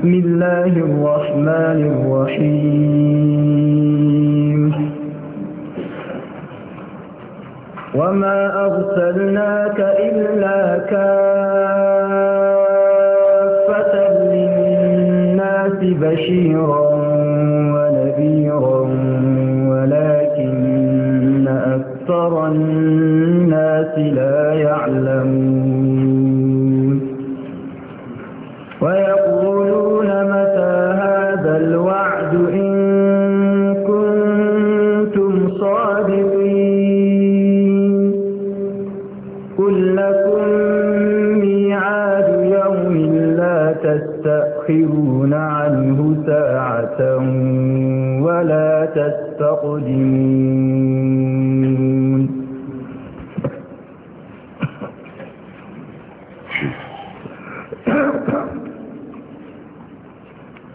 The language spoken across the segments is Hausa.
بسم الله الرحمن الرحيم وما أرسلناك إلا كافة للناس بشيرا ونذيرا ولكن أكثر الناس لا يعلمون ساعة ولا تستقدمون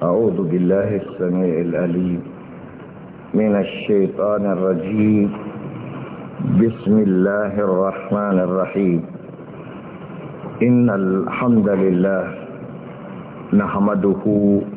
أعوذ بالله السميع الأليم من الشيطان الرجيم بسم الله الرحمن الرحيم إن الحمد لله نحمده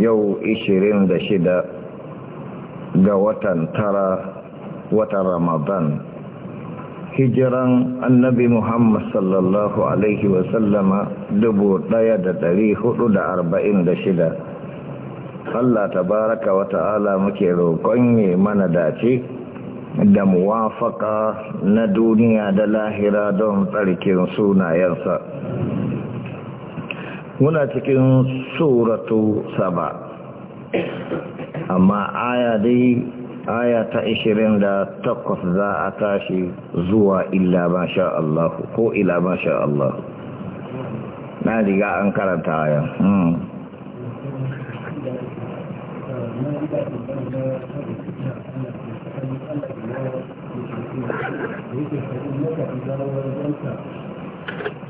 yau 26 ga watan tara watan ramadan hijiran annabi muhammad sallallahu alaihi wasallama shida allah tabaraka wa ta'ala muke roƙon yi mana dace da muwafaka na duniya da lahira don tsarkin sunayensa muna cikin suratu saba amma aya dai aya ta ishirin da takwas za a tashi zuwa illa masha Allah ko ila masha Allah na riga an karanta aya hmm.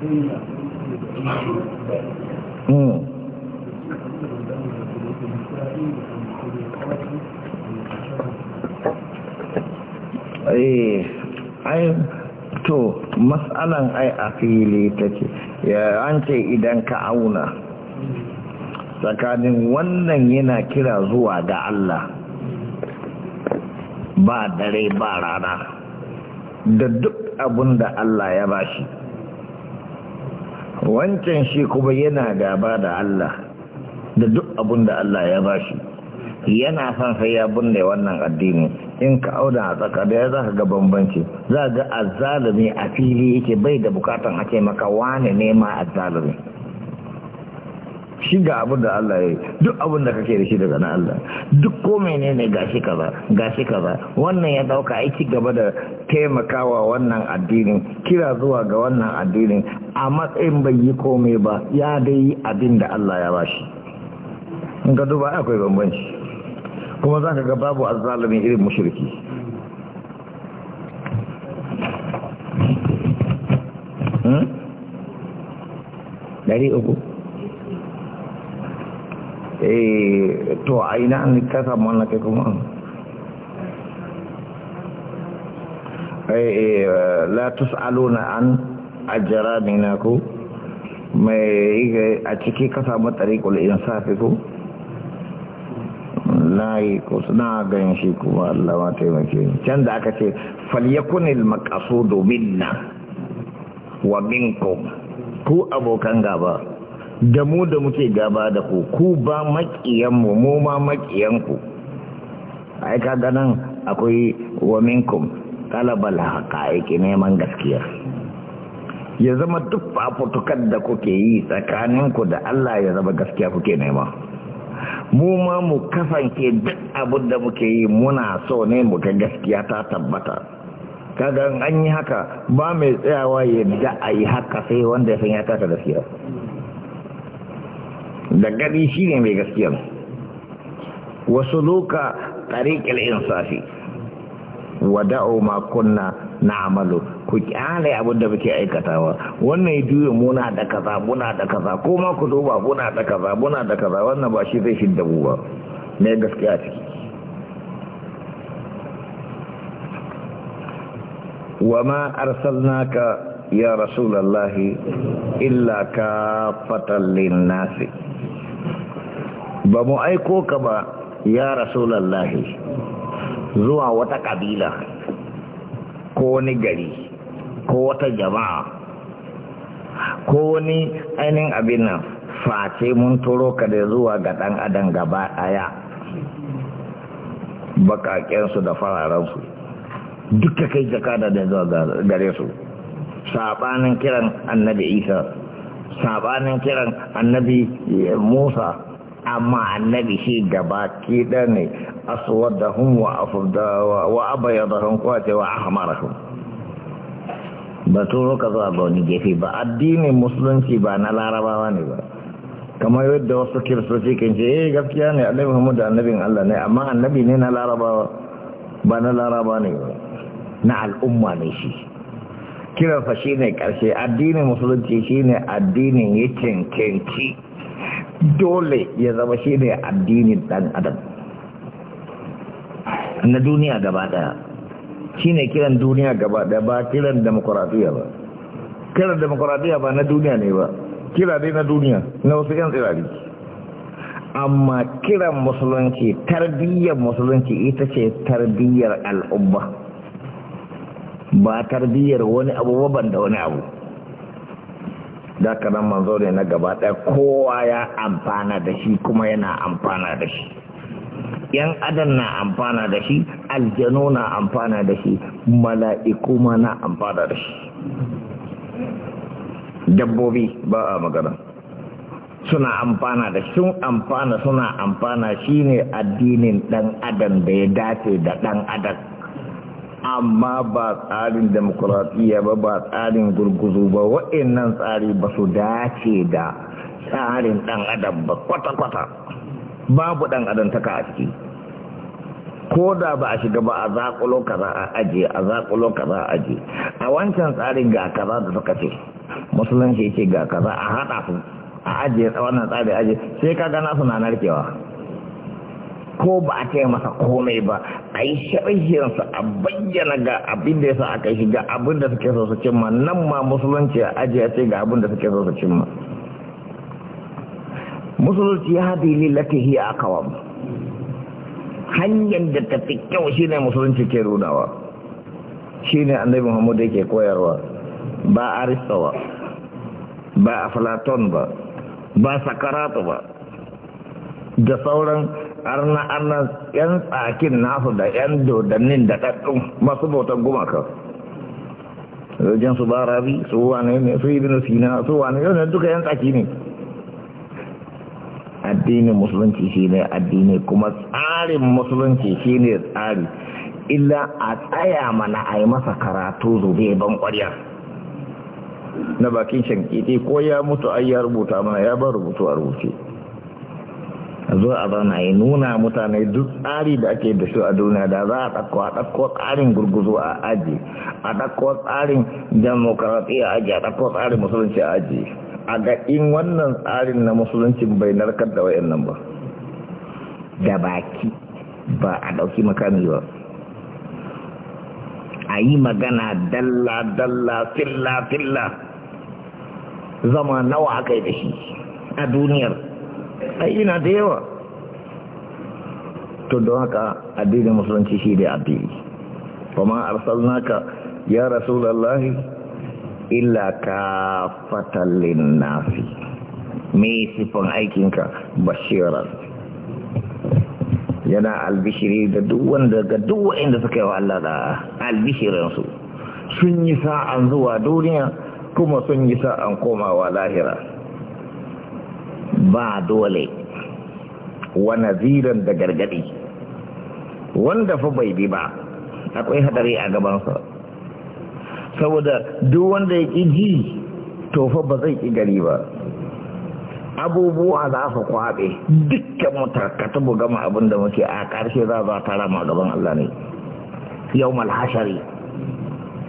Thank you. Hmm. Eh, ai to matsalan ai a fili take ya an ce idan ka auna tsakanin wannan yana kira zuwa ga Allah ba dare ba rana da duk abin da Allah ya bashi wancan shi kuma yana gaba da Allah da duk abin da Allah ya ba shi yana son sai ya binne wannan addini in ka auna a tsaka ya za ka ga bambanci za ga azzalumi a fili yake bai da bukatan ake maka wane nema azzalumi shi ga abin da Allah ya yi duk abin da kake da shi daga na Allah duk ko menene gashi kaza gashi kaza wannan ya dauka aiki gaba da taimakawa wannan addinin kira zuwa ga wannan addinin a matsayin bai yi komai ba ya dai abin da Allah ya bashi in ka duba akwai bambanci kuma za ka ga babu azzalumin irin mushriki hmm? Dari uku. eh to a ina an ka samu mana kai kuma eh, eh la tusaluna an ajramina ku mai eh, a ciki ka samu tariqul insafi ku layi ko gan shi kuma Allah ma taimake ni can da aka ce falyakunil maqasudu minna wa minkum ku abokan gaba da mu da muke gaba da ku ku ba maƙiyanmu mu ma maƙiyanku ai kaga nan akwai wa minkum talabal haqa'iqi neman gaskiya ya zama duk fafutukar da kuke yi tsakaninku da Allah ya zama gaskiya kuke nema mu ma mu kasance duk abin da muke yi muna so ne mu ga gaskiya ta tabbata kaga an yi haka ba mai tsayawa yadda a yi haka sai wanda ya san ya kasa gaskiya da gani shi ne mai gaskiyar wasu loka tariƙil insafi wada'o ma kunna na amalu ku kyale abin da muke aikatawa wannan ya juya muna da kaza muna da kaza ko ma ku duba muna da kaza muna da kaza wannan ba shi zai shidda mu ba ne gaskiya ciki wa ma arsalnaka ya rasulallahi illa ka fatallin nasi ba mu aiko ka ba ya rasulallahi zuwa wata kabila ko wani gari ko wata jama'a ko wani ainihin abin nan face mun turo ka da zuwa ga ɗan adam gaba daya bakakensu da fararensu duka kai jakada da zuwa gare su saɓanin kiran annabi isa sabanin kiran annabi musa amma annabi shi gaba ki ne aswadahum wa afdawa wa abyadahum wa wa ahmarahum ba turo ka zuwa ga wani gefe ba addinin musulunci ba na larabawa ne ba kamar yadda wasu kiristoci kan ce eh gaskiya ne annabi Muhammad da annabin Allah ne amma annabi ne na larabawa ba na laraba ne ba na al'umma ne shi kiransa shi ne ƙarshe addinin musulunci shi ne addinin ya dole ya zama shi ne addinin ɗan adam na duniya gaba ɗaya shi ne kiran duniya gaba ɗaya ba kiran demokuraɗiyya ba kiran demokuraɗiyya ba na duniya ne ba kira dai na duniya na wasu 'yan tsirari amma kiran musulunci tarbiyyar musulunci ita ce tarbiyyar al'umma ba tarbiyyar wani abu ba da wani abu daga kanan manzo ne na gaba ɗaya kowa ya amfana da shi kuma yana amfana da shi yan adam na amfana da shi aljanu na amfana da shi mala'iku ma na amfana da shi dabbobi ba a magana suna amfana da sun amfana suna amfana shine addinin dan adam da ya dace da dan adam amma ba tsarin demokuraɗiyya ba ba tsarin gurguzu ba wa'annan tsari ba su dace da tsarin ɗan adam ba kwata-kwata babu ɗan adam ta a ciki ko da ba a shiga ba a zaƙulo kaza a aje a zaƙulo kaza a aje a wancan tsarin ga kaza da suka ce musulunci ce ga kaza a haɗa su a aje wannan tsarin aje sai ka gana suna narkewa ko ba a taya masa komai ba a yi sharhiyarsa a bayyana ga abin da ya sa aka shiga ga abin da suke so su cimma nan ma musulunci a ajiya ce ga abin da suke so su cimma musulunci ya haɗe a kawam hanyar da ta fi kyau ne musulunci ke nunawa ne annabi muhammad yake koyarwa ba aristowa ba Filaton ba ba sakaratu ba da sauran arna arna yan tsakin nasu da yan dodannin da ɗaɗɗun masu bautan gumaka zojin su rabi su wane ne su ibn sina su wane yau ne duka yan tsaki ne addinin musulunci shine addini kuma tsarin musulunci shine tsari illa a tsaya mana a yi masa karatu zube ban ƙwarya na bakin shankiti ko ya mutu ai ya rubuta mana ya ba rubutu a rubuce zo a zauna ya nuna mutane duk tsari da ake da shi a duniya da za a ɗauko a ɗauko tsarin gurguzu a aji a ɗauko tsarin demokaratiyya a aji a ɗauko tsarin musulunci a aji a ga in wannan tsarin na musulunci bai narkar da wayannan ba da baki ba a ɗauki makami ba a yi magana dalla dalla filla filla zama nawa aka yi da shi a duniyar ai ina da yawa to don haka addinin musulunci shi da addini kuma arsalnaka ya rasulullahi illa ka fatallin nasi. me sifan aikinka bashirar yana albishiri da duk wanda ga duk wanda suka yi wa Allah da albishirinsu sun yi sa'an zuwa duniya kuma sun yi sa'an komawa lahira ba dole wa naziran da gargadi wanda fa bai bi ba akwai hadari a gabansa saboda duk wanda ya ƙi ji to fa ba zai ƙi gari ba abubuwa za su kwaɓe dukkan mutarkatu mu gama abin da muke a ƙarshe za za tara ma gaban Allah ne yau malhashari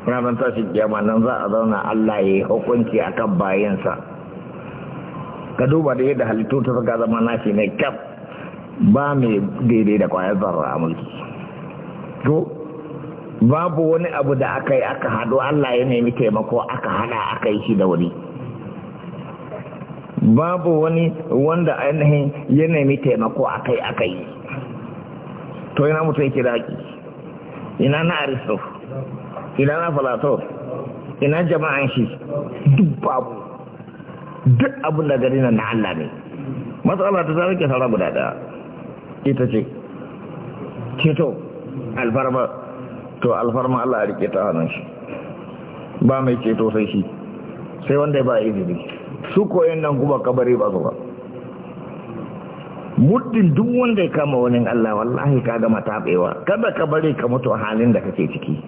ranar tashin kiyama nan za a zauna Allah ya yi hukunci akan bayansa ka duba da yadda halittu ta saka zama nashi ne, kyaf ba mai daidai da kwayar zarra a mulki to babu wani abu da aka yi aka haɗu Allah ya nemi taimako aka hada aka yi shi da wani. babu wani wanda ainihin ya nemi taimako aka yi aka yi to yana mutum yake daki ina na aristo ina na falato ina jama'an shi duk babu duk abin da gari nan na Allah ne matsala ta zara ke saura guda ɗaya ita ce ceto alfarma to alfarma Allah ya rike ta hannun shi ba mai ceto sai shi sai wanda ya ba izini su koyan nan kuma kabari ba su ba muddin duk wanda ya kama wani Allah wallahi ka gama taɓewa kada ka bari ka mutu halin da kake ciki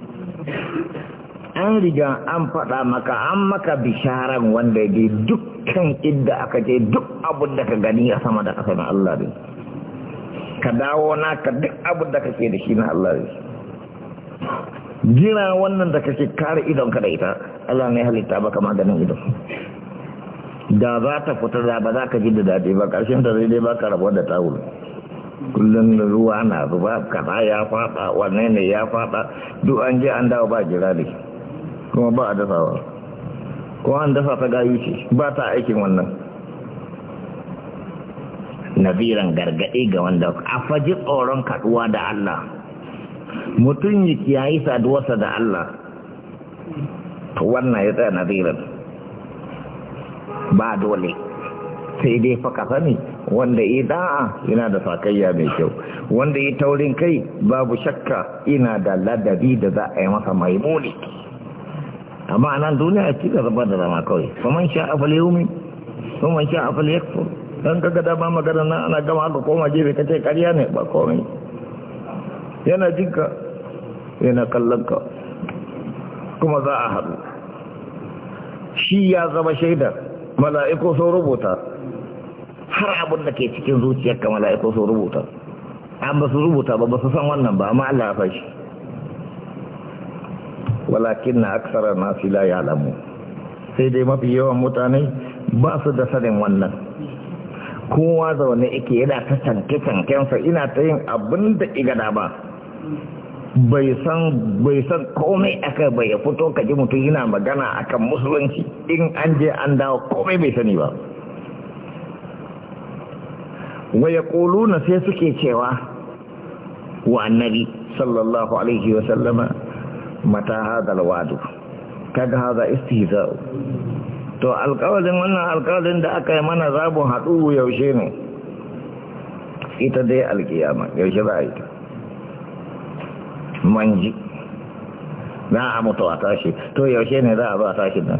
an riga an faɗa maka an maka bisharan wanda ya dukkan idda aka je duk abin da ka gani a sama da ƙasa na Allah ne ka dawo ka duk abin da kake da shi na Allah ne jira wannan da kake kare idon ka da ita Allah ne halitta baka maganin idon da za ta fita da ba za ka ji da daɗi ba ƙarshen da zai dai ka rabuwa da tawul kullum ruwa na zuba kaza ya faɗa wannan ne ya faɗa duk an je an dawo ba jira ne kuma ba a dafawa ko an dafa ta gayu ce ba ta aikin wannan naziran gargaɗe ga wanda a faji tsoron kaɗuwa da Allah mutum ya kiyayi saduwarsa da Allah to wannan ya tsaya nabiran ba dole sai dai faka sani wanda ya da'a yana da sakayya mai kyau wanda ya taurin kai babu shakka ina da ladabi da za a yi masa maimuni amma a nan duniya a cika zaba da zama kawai kuma sha a fali yumi kuma sha a fali yakfur don kaga dama magana nan ana gama aka koma jefe ka ce karya ne ba komai yana jinka yana kallon ka kuma za a haɗu shi ya zama shaidar mala'iko sun rubuta har abin da ke cikin zuciyar ka mala'iko sun rubuta an ba su rubuta ba ba su san wannan ba amma Allah ya fashi walakin na aksara sila la ya'lamu sai dai mafi yawan mutane ba su da sanin wannan kowa zaune yake yana ta tanke tankensa ina ta yin abin da igada ba bai san bai san komai aka bai ya fito ka ji mutum yana magana akan musulunci in an je an dawo komai bai sani ba Waya yaquluna sai suke cewa wa annabi sallallahu alaihi wa mata hadal wadu kaga haza istihza'u to alƙawarin wannan alƙawarin da aka yi mana zabu haɗu yaushe ne ita dai alƙiyama yaushe za a yi ta manji za a mutu a tashi to yaushe ne za a ba tashi nan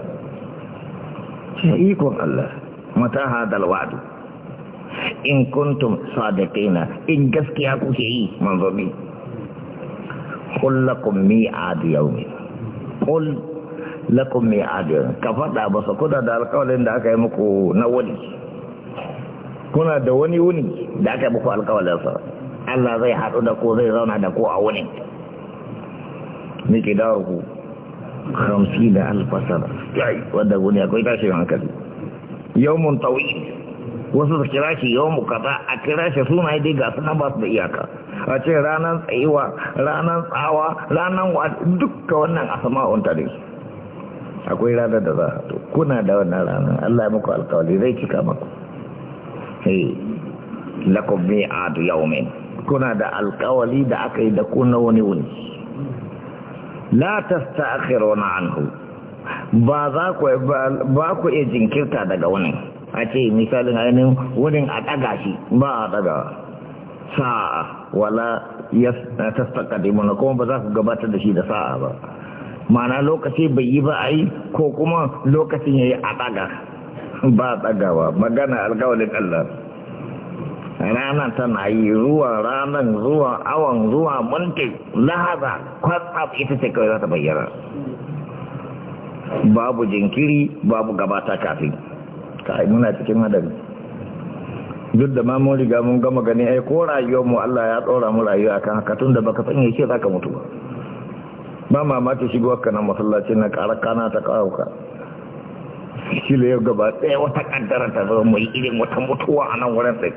shi ikon Allah mata hadal wadu in kuntum sadiqina in gaskiya kuke yi manzobi qul lakum mi'ad yawmi qul lakum mi'ad ka fada basa ko da alƙawarin da aka yi muku na wani kuna da wani wuni da aka yi muku alƙawarin sa Allah zai hadu da ku zai zauna da ku a wuni miki da ku 50 alfasara. yayi wanda wuni akwai tashi hankali yawmun tawil wasu su kira shi yau kaza a kira shi suna yi ga suna ba su da iyaka a ce ranar tsayuwa ranar tsawa ranar wa duka wannan sama wanta ne akwai ranar da za to kuna da wannan ranar Allah ya muku alkawali zai cika maku hey eh, adu mi'adu yawmin kuna da alkawali da aka yi da kuna wani wuni la tasta'khiruna anhu ba za ku ba ku iya jinkirta daga wani a ce misalin ainihin wurin a ɗaga shi ba a ɗaga sa'a wala ya tasfaka da imana kuma ba za ku gabatar da shi da sa'a ba ma'ana lokaci bai yi ba a yi ko kuma lokacin ya yi a ɗaga ba a ɗagawa magana alkawalin Allah ranar tana yi zuwa ranar zuwa awon zuwa minti lahaza kwatsaf ita ce kawai za ta bayyana babu jinkiri babu gabata kafin ta muna cikin hadari duk da ma mun riga mun gama gani ai ko rayuwar mu Allah ya tsora mu rayuwa akan haka da baka san yace zaka mutu ba ba mamaki shigowar ka nan masallaci na ƙara kana ta kawuka shi le yau gaba ɗaya wata kaddara ta zama mai irin wata mutuwa a nan wurin sai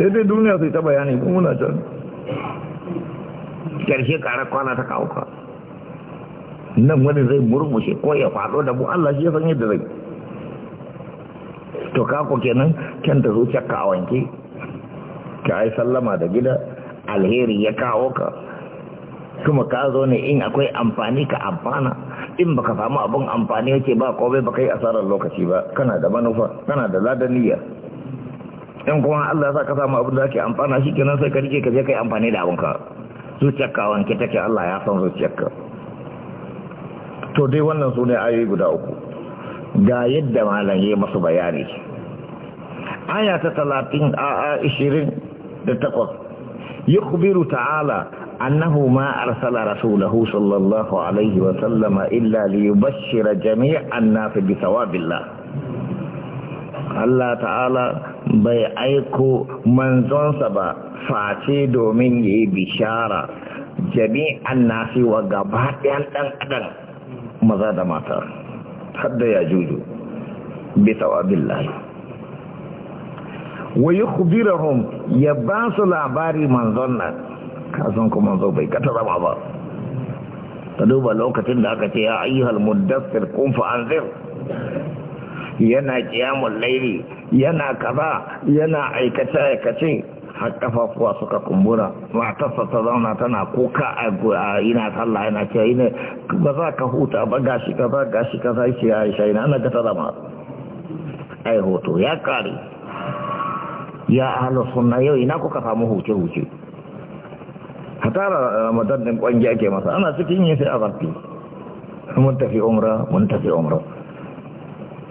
sai dai duniya sai ta bayani kuma muna can ƙarshe ƙara kwana ta kawuka nan wani zai murmushe ko ya faɗo da mu Allah shi ya san yadda zai to ka ku kenan kyan ta zuciyar ka a wanke ka yi sallama da gida alheri ya kawo ka kuma ka zo ne in akwai amfani ka amfana in baka samu abun amfani yake ba komai baka yi asarar lokaci ba kana da manufa kana da ladaniya in kuma Allah ya sa ka samu abin da ake amfana shi kenan sai ka rike ka je kai amfani da ka. zuciyarka wanke take Allah ya san zuciyarka to dai wannan su ne ayoyi guda uku ga yadda malam ya masu bayani aya ta talatin a ishirin da takwas yukhbiru ta'ala أنه ما أرسل رسوله صلى الله عليه وسلم إلا ليبشر جميع الناس بثواب الله Allah ta'ala bai aiko manzonsa ba face domin ya yi bishara jami'an nasi wa gaba ɗayan ɗan adam maza da mata. hadda ya juju bi tawabillahi wa yukhbiruhum ya ba su labari manzon nan kasan kuma manzo bai kata zama ba ka duba lokacin da aka ce ya ayyuhal muddassir kun fa anzir yana qiyamul layli yana kaza yana aikace aikace har kafafuwa suka kumbura matarsa ta zauna tana kuka a ina sallah yana cewa ina ba za ka huta ba gashi kaza gashi kaza ce ya isha ina ana gata zama ai hoto ya kare ya ahalar sunna yau ina kuka samu huce-huce hatara eh, ramadan din kwangi ake masa ana cikin yin sai a zarfi mun tafi umra mun tafi umra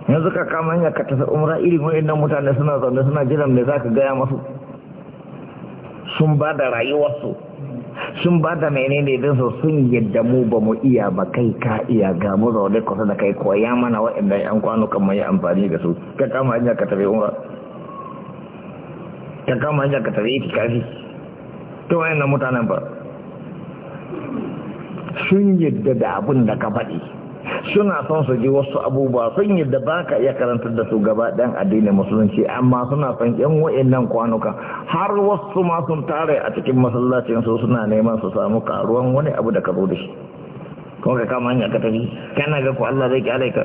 yanzu ka kama hanyar ka tafi umra irin wa'in mutane suna zaune suna jiran me za ka gaya masu sun ba da rayuwarsu sun ba da menene din su sun yadda mu ba mu iya ba kai ka iya ga mu zaune kusa da kai kuwa ya mana waɗannan yan kan mai amfani da su ka kama hanyar ka tafi umra ka kama hanyar ka tafi itikafi to mutanen ba sun yadda da abin da ka faɗi suna son su ji wasu abubuwa sun yi da baka iya karantar da su gaba ɗan addinin musulunci amma suna son yan wa'annan kwanuka har wasu ma sun tare a cikin masallacin su suna neman su samu karuwan wani abu da ka da shi kuma ka kama hanyar ka tafi kana ga ku Allah zai kyale ka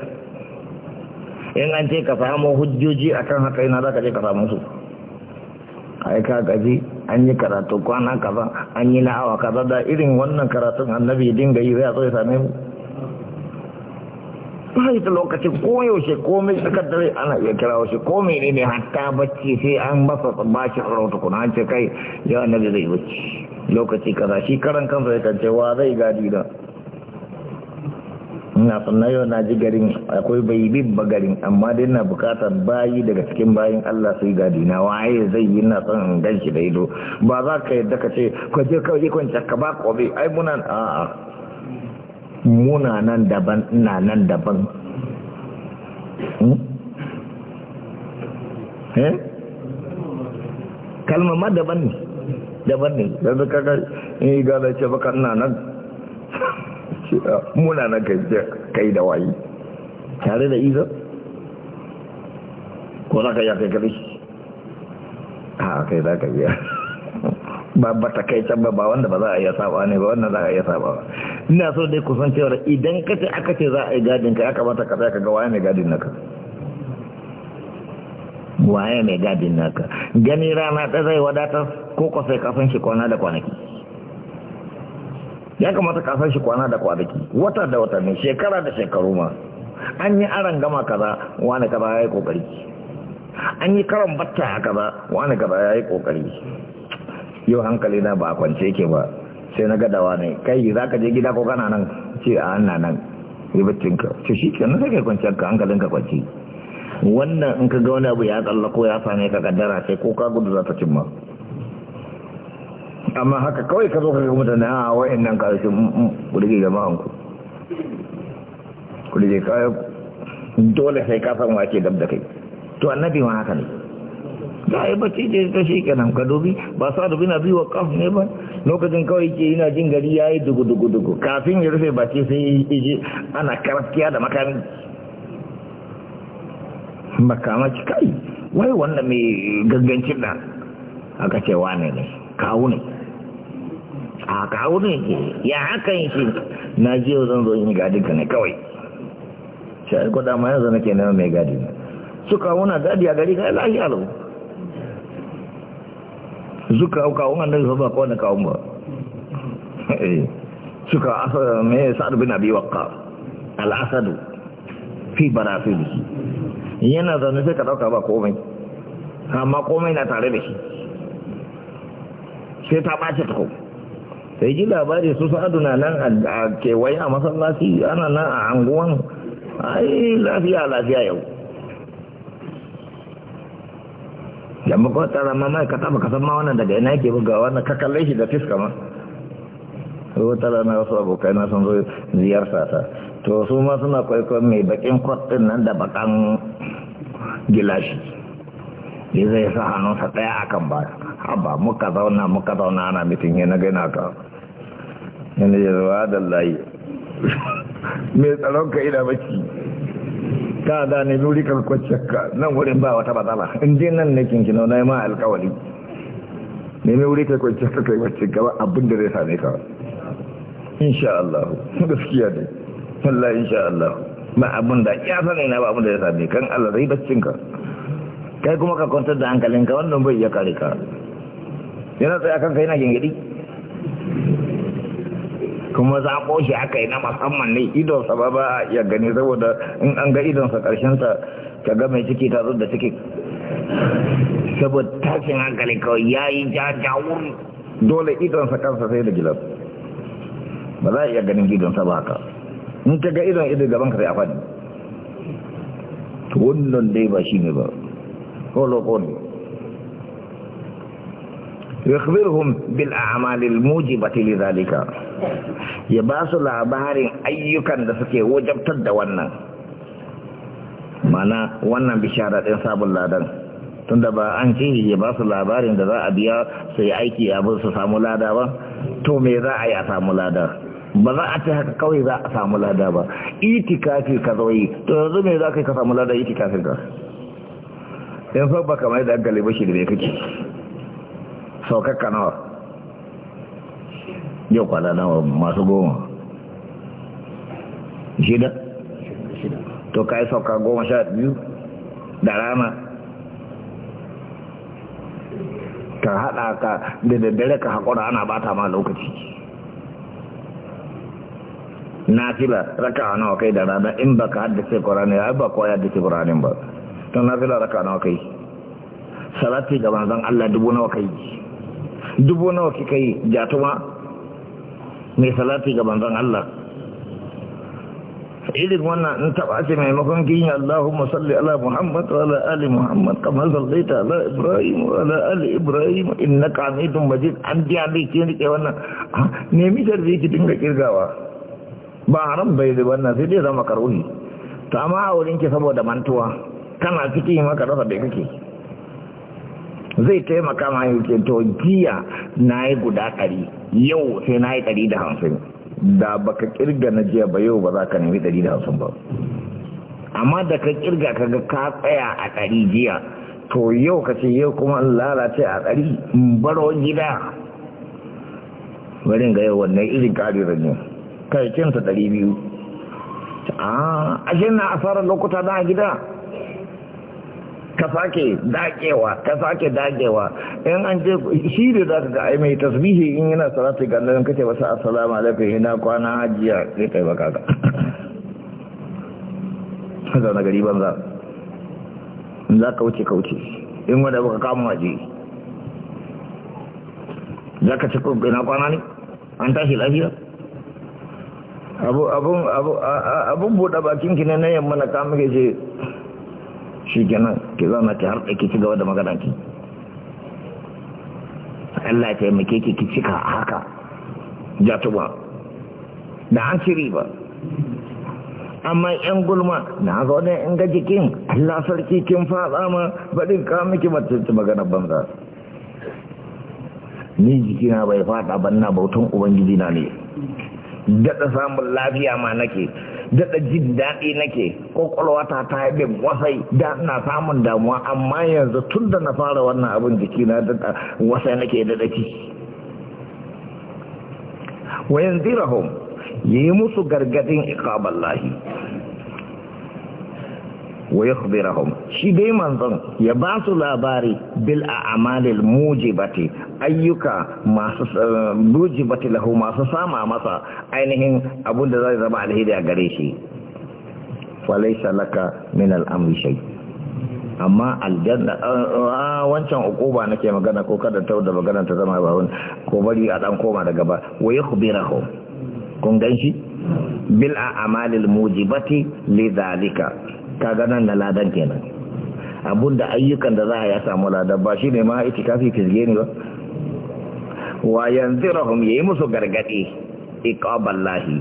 in an ce ka samu hujjoji akan haka ina za ka je ka samu su ai ka gaji an yi karatu kwana kaza an yi na awa kaza da irin wannan karatun annabi dinga yi zai zo ya same mu bai da lokacin koyaushe komai tsakar dare ana iya kira shi ko ne ne hatta bacci sai an masa bashi tsaro tukuna an ce kai ya da zai bacci lokaci kaza shi karan kansa ya kance wa zai gadi da ina sannan yau na ji garin akwai bai bin ba garin amma dai na bukatar bayi daga cikin bayin Allah sai gadi na waye zai yi na son gan shi da ido ba za ka yadda ka ce kwaje kawai kwanci ka ba kobe ai munan a'a muna nan daban ina nan daban hmm? eh? kalmar ma daban ne daban ne yanzu kaga in yi gada ce baka ina nan muna nan kai da wayi tare da izo ko za ka yi a kai kare a ah, kai za ka biya ba ba ta kai can ba ba wanda ba za a iya saba ne ba wanda za a iya saba ba ina so dai kusan cewa idan ka ce aka ce za a yi gadin ka ya kamata ka tsaya ka ga waye mai gadin naka waye mai gadin naka gani rana ta zai wadata ko kwasai kasan shi kwana da kwanaki ya kamata ka san shi kwana da kwanaki wata da wata ne shekara da shekaru ma an yi aran gama kaza wani kaza ya yi kokari an yi karan batta a kaza wani kaza ya yi kokari yau hankali na ba a kwance ke ba sai na gadawa ne kai za ka je gida ko kana nan ce a hannan nan ribaccinka ce shi ke nan sai kai kwanciyar ka hankalin ka kwanci wannan in ka ga wani abu ya tsalla ko ya same ka kaddara sai ko ka gudu za ta cimma amma haka kawai ka zo ka ga mutane a wa'in nan ka shi mm, mm, ku rige jama'an ku ku rige dole sai ka san wace dab da kai to annabi ma haka ne za a yi bacci da ya shi kenan ka dubi ba sa dubi na biyu kaf ne ba lokacin kawai ke ina jin gari ya yi dugu-dugu-dugu kafin ya rufe baki sai yi ije ana karfiya da makamin makama kai wai wannan mai gangancin da? aka ce wane ne kawo ne a kawo ne ya hakan shi na ji yau zan zo yin gadin ka ne kawai shi aiko dama yanzu nake nema mai gadi suka wuna gadi a gari ka lafiya lau suka hau kawun annabi ba ko wani kawun ba eh, suka asa mai sa'ad bin abi waqqa al-asadu fi barafili yana zaune sai ka dauka ba komai amma komai na tare da shi sai ta bace ta ko sai ji labari su sa'adu na nan a kewaye a masallaci ana nan a anguwan ai lafiya lafiya yau da makwatara mama mai kata baka san ma wannan daga ina yake buga wannan ka kalle shi da fiska ma wata na wasu abokai na sun zo ziyarta ta to su ma suna kwaikwayon mai bakin kwat din nan da bakan gilashi ya zai sa hannunsa ɗaya akan ba haba muka zauna muka zauna ana mitin ya na gina ka yana yi zuwa da layi mai tsaron ka ina baki ka da ne nuri karkwaciyarka nan wurin ba wata matsala in je nan na kinkino na yi ma alkawali nemi wuri kai kwanciyarka kai wacce gaba abin da zai same ka insha Allah gaskiya ne Allah insha Allah ma abin da ya sani na ba abin da ya same kan Allah zai baccin ka kai kuma ka kwantar da hankalinka wannan bai iya kare ka yana tsaye akan kai na gingidi kuma zaɓo shi aka yi na musamman ne idonsa ba ba a iya gani saboda in an ga idonsa ƙarshensa ta ga mai ciki ta zo da ciki saboda tashin hankali kawai ya yi ja jajawun dole idonsa kansa sai da gilas ba za a iya ganin idonsa ba haka in ka ga idon idon gaban ka sai a faɗi wannan dai ba shi ne ba ko loko ne يخبرهم بالأعمال الموجبة لذلك ya ba su labarin ayyukan da suke wajabtar da wannan mana wannan bishara ɗin sabon ladan tunda ba an ce ya ba su labarin da za a biya su yi aiki abin su samu lada ba to me za a yi a samu lada ba za a ce haka kawai za a samu lada ba itikafi ka zoyi to yanzu me za ka yi ka samu lada itikafin ka yanzu ba kamar da galibashi da bai kake saukakka nawa yau kwana nawa masu goma shida to ka yi sauka goma sha biyu da rana ka haɗa ka da daddare ka haƙura ana bata ma lokaci na fila raka nawa kai da rana in ba ka haddace ne, ya ba kowa ya haddace ƙwararren ba don na fila raka nawa kai salati ga manzan Allah dubu nawa kai dubu nawa kika yi jatuma mai salati ga manzon Allah irin wannan in taba ce maimakon gini Allahumma salli ala Muhammad wa ala ali Muhammad kama sallaita ala Ibrahim wa ala ali Ibrahim innaka Hamidum Majid an biya bai ke rike wannan ne mi ki dinga kirgawa ba haram bai da wannan sai dai zama karuni. Ta ma a wurin ki saboda mantuwa kana cikin maka rasa da kake zai taimaka ma yake to jiya na yi guda ɗari yau sai na yi ɗari da hamsin da baka ƙirga na jiya ba yau ba za ka nemi ɗari da hamsin ba amma da ka ƙirga ka ga ka tsaya a ɗari jiya to yau ka ce yau kuma lalace a ɗari baro gida wani ga yau wannan irin ƙarirar ne kai cinta ɗari biyu a ah, ashe na asarar lokuta na gida ka sake dagewa ka sake dagewa in an je shi da za ka ga ai mai tasbihi in yana salatu ga Allah kace masa assalamu alaikum ina kwana hajiya sai kai baka ga haka na gari banza in za ka wuce ka wuce in wanda baka kama waje za ka ci ina kwana ne an tashi lafiya abun buɗe bakinki ne na yamma na kama ke ce shi kenan ki zauna ki har ki ci gaba da magana ki Allah ya taimake ki ki cika haka jatuba da an ci riba amma yan gulma na ga wani in ga jikin Allah sarki kin fada ma barin ka miki mutunci magana banza ni jikina bai fada ban bautan ubangiji na ne daɗa samun lafiya ma nake daɗa jin daɗi nake ƙwaƙwalwata ta haɗe wasai da na samun damuwa amma yanzu tun da na fara wannan abin jikina daɗa wasai nake daɗa ci wayan zirahun yi musu gargadin iqaballahi wa yukhbirahum shi dai manzon ya ba su labari bil a'malil mujibati ayyuka masu eh, mujibati lahu masu sama masa ainihin abunda da zai zama alheri a gare shi falaysa laka min al-amri shay amma aljanna eh, eh, wancan ukuba nake magana ko kada ta da magana ta zama ba wani ko bari a dan koma daga ba wa yukhbirahum kun ganshi bil a'malil mujibati lidhalika kaga nan da ladan kenan abun da ayyukan da za a ya samu ladan ba shi ne ma aiki kafi fisge ne ba wa yanzirahum yi musu gargadi iqaballahi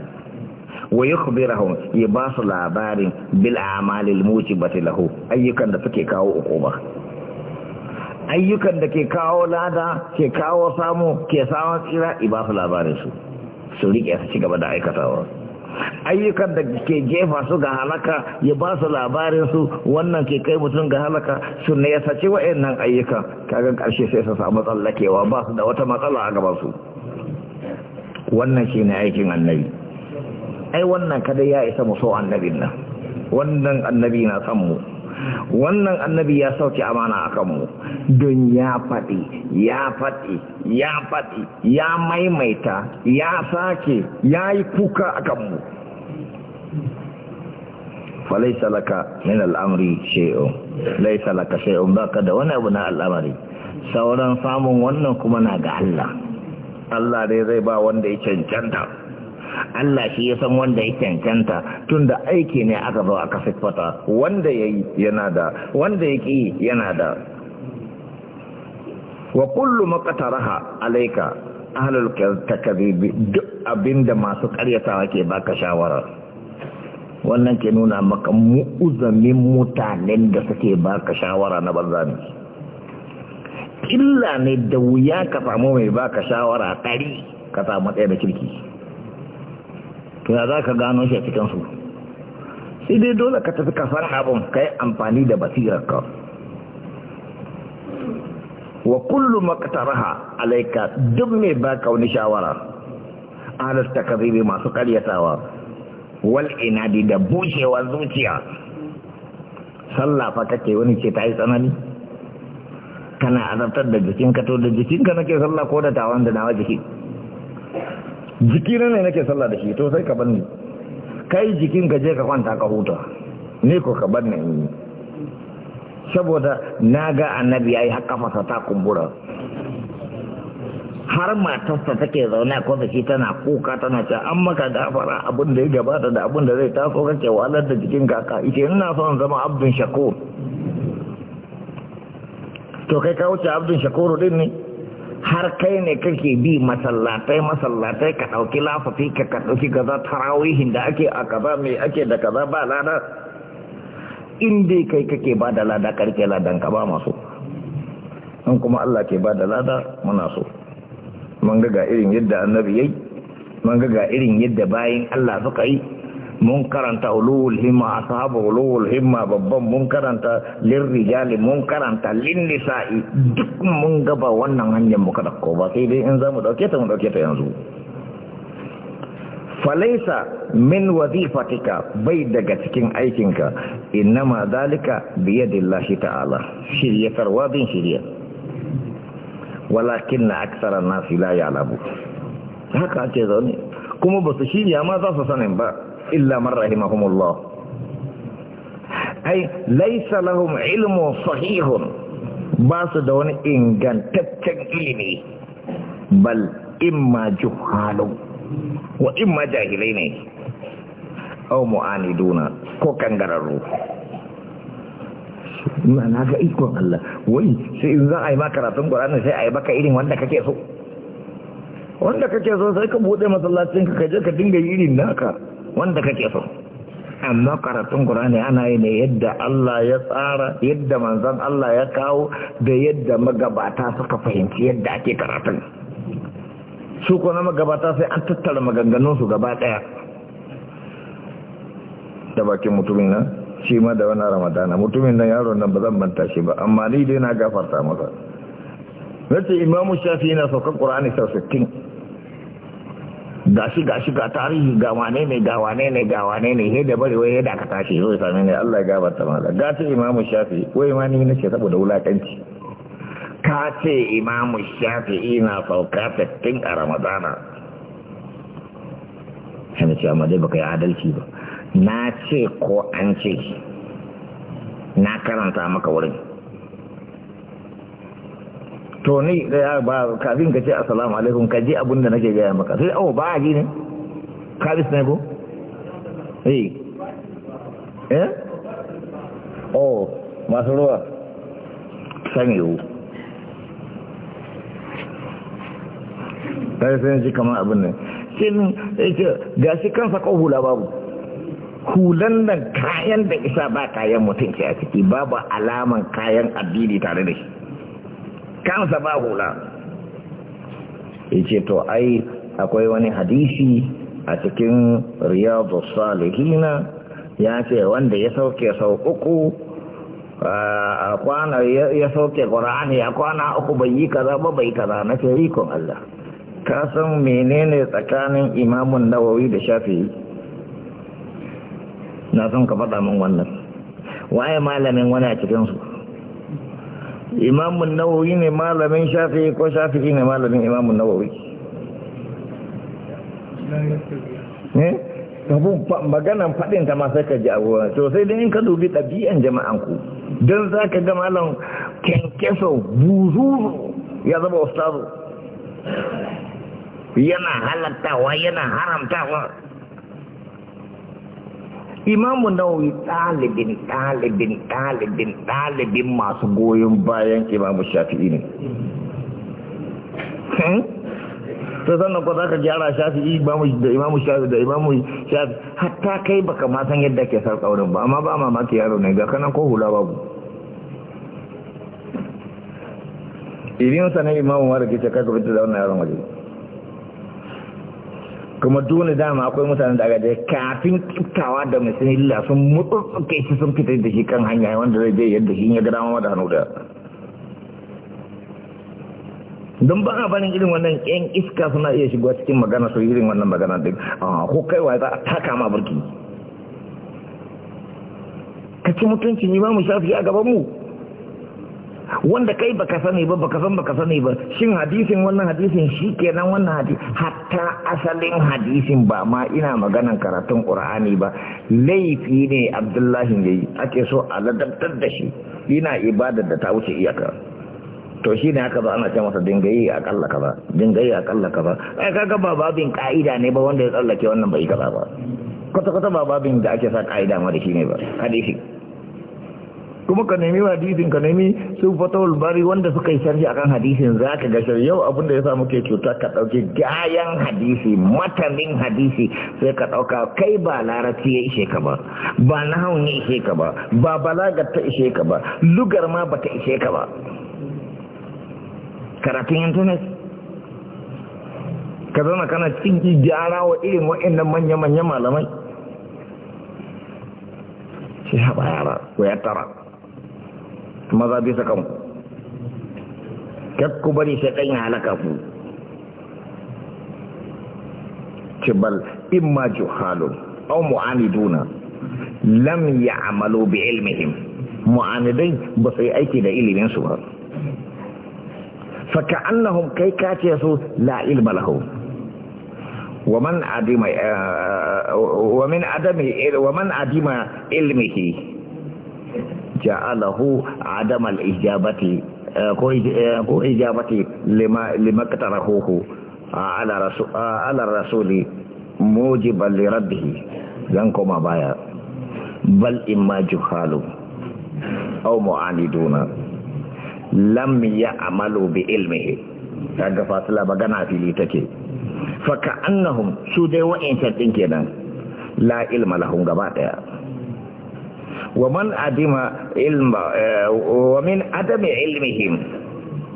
wa yukhbirahum ya ba su labarin bil a'malil mujibati lahu ayyukan da suke kawo ba. ayyukan da ke kawo lada ke kawo samu ke samun tsira i ba su labarin su su rike su ci gaba da aikatawa ayyukan da ke jefa su ga halaka ya ba su labarin su wannan ke kai mutum ga halaka su ne ya sace wa'annan ayyukan kaga karshe sai su samu tsallakewa ba su da wata matsala a gaban su wannan na aikin annabi ai wannan kada ya isa mu so annabin nan wannan annabi na san mu wannan annabi ya sauke amana a kanmu don ya faɗi ya faɗi ya faɗi ya maimaita ya sake ya yi kuka a kanmu falaisa laka min al'amri shay'un laisa laka ba ka da wani abu na al'amari sauran samun wannan kuma na ga Allah Allah dai zai ba wanda ya cancanta Allah shi ya san wanda ya cancanta da aiki ne aka zo aka siffata wanda ya yi yana da wanda ya ƙi yana da wa kullu maqtaraha alayka ahlul takdhib duk abinda masu ƙaryatawa ke baka shawara wannan ke nuna maka mu'uzamin mutanen da suke baka shawara na banza ne illa ne da wuya ka samu mai baka shawara ƙari ka samu ɗaya da kirki to ya za ka gano shi a su. sai dai dole ka tafi fara abin ka yi amfani da basirarka wa kullum makataraha alaika duk mai baka wani shawara alas ka masu karyatawa wal inadi da bushewa zuciya sallafa kake wani ce ta yi tsanani kana azabtar da jikinka to da jikinka nake sallah ko da tawan da nawa jiki jikina ne nake sallah da shi to sai ka banni kai jikin ka ka kwanta ka huta ne ko ka banni in saboda na ga annabi ya yi haƙafasa ta kumbura har matarsa take zaune ko da shi tana kuka tana ce an maka gafara abin da ya gabata da abin da zai taso kake walar da jikin kaka ita ina son zama abdun shakur to kai ka wuce abdun shakuru din ne har kai ne kake bi masallatai masallatai ka ɗauki lafafi ka ka ɗauki gaza tarawihin da ake a kaza mai ake da kaza ba lada in dai kai kake ba da lada karke ladan ka ba masu in kuma Allah ke ba da lada muna so mun ga irin yadda annabi yayi mun ga irin yadda bayin Allah suka yi mun karanta ulul himma ashabu ulul himma babban mun karanta lirrijali mun karanta linnisa'i duk mun gaba wannan hanyar muka dauko ba sai dai in zamu dauke ta mu dauke ta yanzu falaisa min wazifatika bai daga cikin aikinka innama zalika biyadillahi ta'ala shiryatarwa bin shirya walakin na aksara nasi la ya haka ake zaune kuma ba su shirya ma za su sanin ba illa man rahimahumullah ai laisa lahum ilmu sahihun ba su da wani ingantaccen ilimi bal imma juhalun wa imma jahilai ne au mu'aniduna ko kangararru ina na ga ikon Allah wai sai in za a yi ma karatun Qur'ani sai a yi baka irin wanda kake so wanda kake so sai ka bude masallacin ka je ka dinga yi irin naka wanda kake so amma karatun Qur'ani ana yi ne yadda Allah ya tsara yadda manzon Allah ya kawo da yadda magabata suka fahimci yadda ake karatun su ko na magabata sai an tattara maganganun su gaba daya da bakin mutumin nan shi ma da wani ramadana mutumin nan yaron nan ba zan manta shi ba amma ni dai na gafarta masa wace imamu shafi yana saukar qur'ani sau gashi gashi ga tarihi ga wane ne ga wane ne ga wane ne he da barewa he da ka tashi zo sami ne Allah ya gabata mala ga ce imamu shafi wai imani ne ce saboda wulakanci ka ce imamu shafi ina sauka tun a ramadana sai ce amma dai baka yi adalci ba na ce ko an ce na karanta maka wurin to ni da eh, ba kafin ka ce assalamu alaikum ka ji abin da nake gaya maka sai awo oh, ba a ji ne kabis ne ko eh eh oh masu ruwa sani yiwu sai sai ji kamar abin ne. nan eh, shin ga shi kansa ko hula babu hulan nan kayan da isa ba kayan mutunci a ciki babu alaman kayan addini tare da shi kansa ba hula ce to ai akwai wani hadisi a cikin riyadu salihina ya ce wanda ya sauke sau uku a kwana ya sauke ƙwararri a kwana uku bai yi kaza ba bai kaza na ce rikon Allah ka san menene tsakanin imamun nawawi da shafi na son ka faɗa min wannan waye malamin wani a cikinsu imamun nawawi ne malamin shafi'i ko shafi'i ne malamin imamun nawawi ne maganan faɗin ta ma sai ka ji abuwa to sai dai in ka dubi ɗabi'an jama'anku. ku don za ka ga malam kyankyaso buzuru ya zaba ustazu yana halattawa yana haramtawa imamu nawawi talibin talibin talibin talibin masu goyon bayan imamu shafi'i ne hmm? ta sannan ko za ka gyara shafi'i da imamu shafi da imamu shafi hatta kai baka ma san yadda ke sarƙa wurin ba amma ba mamaki yaro ne ga kanan ko hula babu irin sanar imamu mara ke ce kai da wannan yaron waje kuma dole dama akwai mutane da aka kafin kiftawa da mai sanilla sun mutsutsuke shi sun fitar da shi kan hanya wanda zai je yadda shi ya gada dama da hannu da don ba a banin irin wannan yan iska suna iya shigo cikin magana su irin wannan magana din ko kaiwa za a taka ma burki ka ci mutunci ni ba mu shafi a gaban mu wanda kai baka sani ba baka san baka sani ba shin hadisin wannan hadisin shi kenan wannan hadisi hatta asalin hadisin ba ma ina maganan karatun qur'ani ba laifi ne abdullahi ne ake so a ladabtar da shi ina ibadar da ta wuce iyaka to shi ne aka ba ana ce masa dingayi a kalla kaza dingayi a kalla kaza ai kaga ba babin ka'ida ne ba wanda ya tsallake wannan bai kaza ba kwata-kwata ba babin da ake sa ka'ida ma da shi ne ba hadisi kuma ka nemi hadisin ka nemi sun fatawul bari wanda suka yi sharhi akan hadisin za ka gashar yau abinda ya sa muke cuta ka ɗauki gayan hadisi matanin hadisi sai ka ɗauka kai ba larabci ya ishe ka ba ba nahawun ya ishe ka ba ba balagar ta ishe ka ba lugar ma ba ta ishe ka ba karatun intanet ka zama kana cikin gyara wa irin waɗannan manya-manya malamai sai haɓa yara ko ya tara maza bisa kanku kakku bari shaitan ya halaka ku cibal imma juhalun aw mu'aniduna lam ya'malu bi ilmihim mu'anidai ba su yi aiki da ilimin su ba فكأنهم كي كاتيسوا لا علم لهم ومن عدم ومن عدم ومن عدم علمه ja'alahu adam al-ijabati eh, eh, lima qatarahu ala ala rasuli mujiban li rabbih zan koma baya bal imma juhalu aw mu'aniduna lam ya'malu bi ilmihi kaga fasila magana fili take fa ka'annahum su dai wa'in din kenan la ilma lahum gaba ɗaya. wa man علم ومن wa min من ilmihim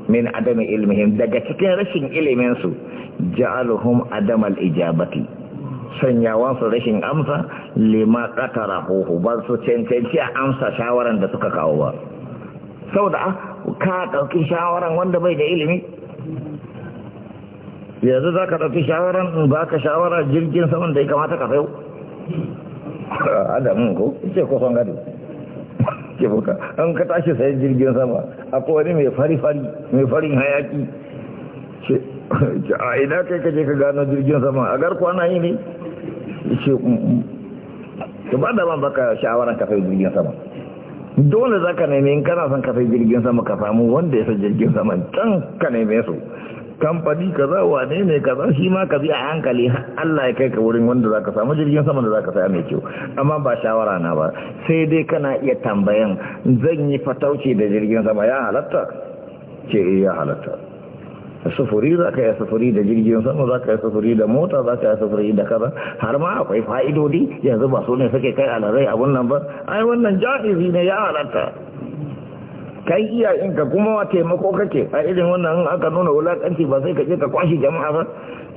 min adami daga cikin rashin ilimin su ja'aluhum adamal ijabati sanyawan su rashin amsa lima qatara hu ba su cancanci amsa shawaran da suka kawo ba saboda ka dauki shawaran wanda bai da ilimi yanzu za ka ɗauki shawaran in ba ka shawara jirgin saman da ya kamata ka sayo ada hmm, ko ce kusan gado ke buka an ka tashi sayan jirgin sama akwai wani mai fari-fari mai farin hayaki ce a ah, ina kai je ka gano jirgin sama a garko ana yi ne hmm, hmm. ce ta ba da ban baka shawarar kafai jirgin sama dole za ka neme in kana son kafai jirgin sama ka samu wanda ya san jirgin sama can ka neme su kamfani kaza wane ne kaza shi ma ka bi a hankali Allah ya kai ka wurin wanda za ka samu jirgin sama da zaka saya mai kyau amma ba shawara na ba sai dai kana iya tambayan zan yi fatauci da jirgin sama ya halatta ce eh, ya halatta sufuri za ka yi sufuri da jirgin sama za ka yi sufuri da mota za ka yi sufuri da kaza har ma akwai fa'idodi yanzu ba su ne suke kai alarai abun nan ba ai wannan jahizi ne ya halatta kai iya in ka kuma taimako kake a irin wannan in aka nuna wulakanci ba sai ka je ka kwashi jama'a ba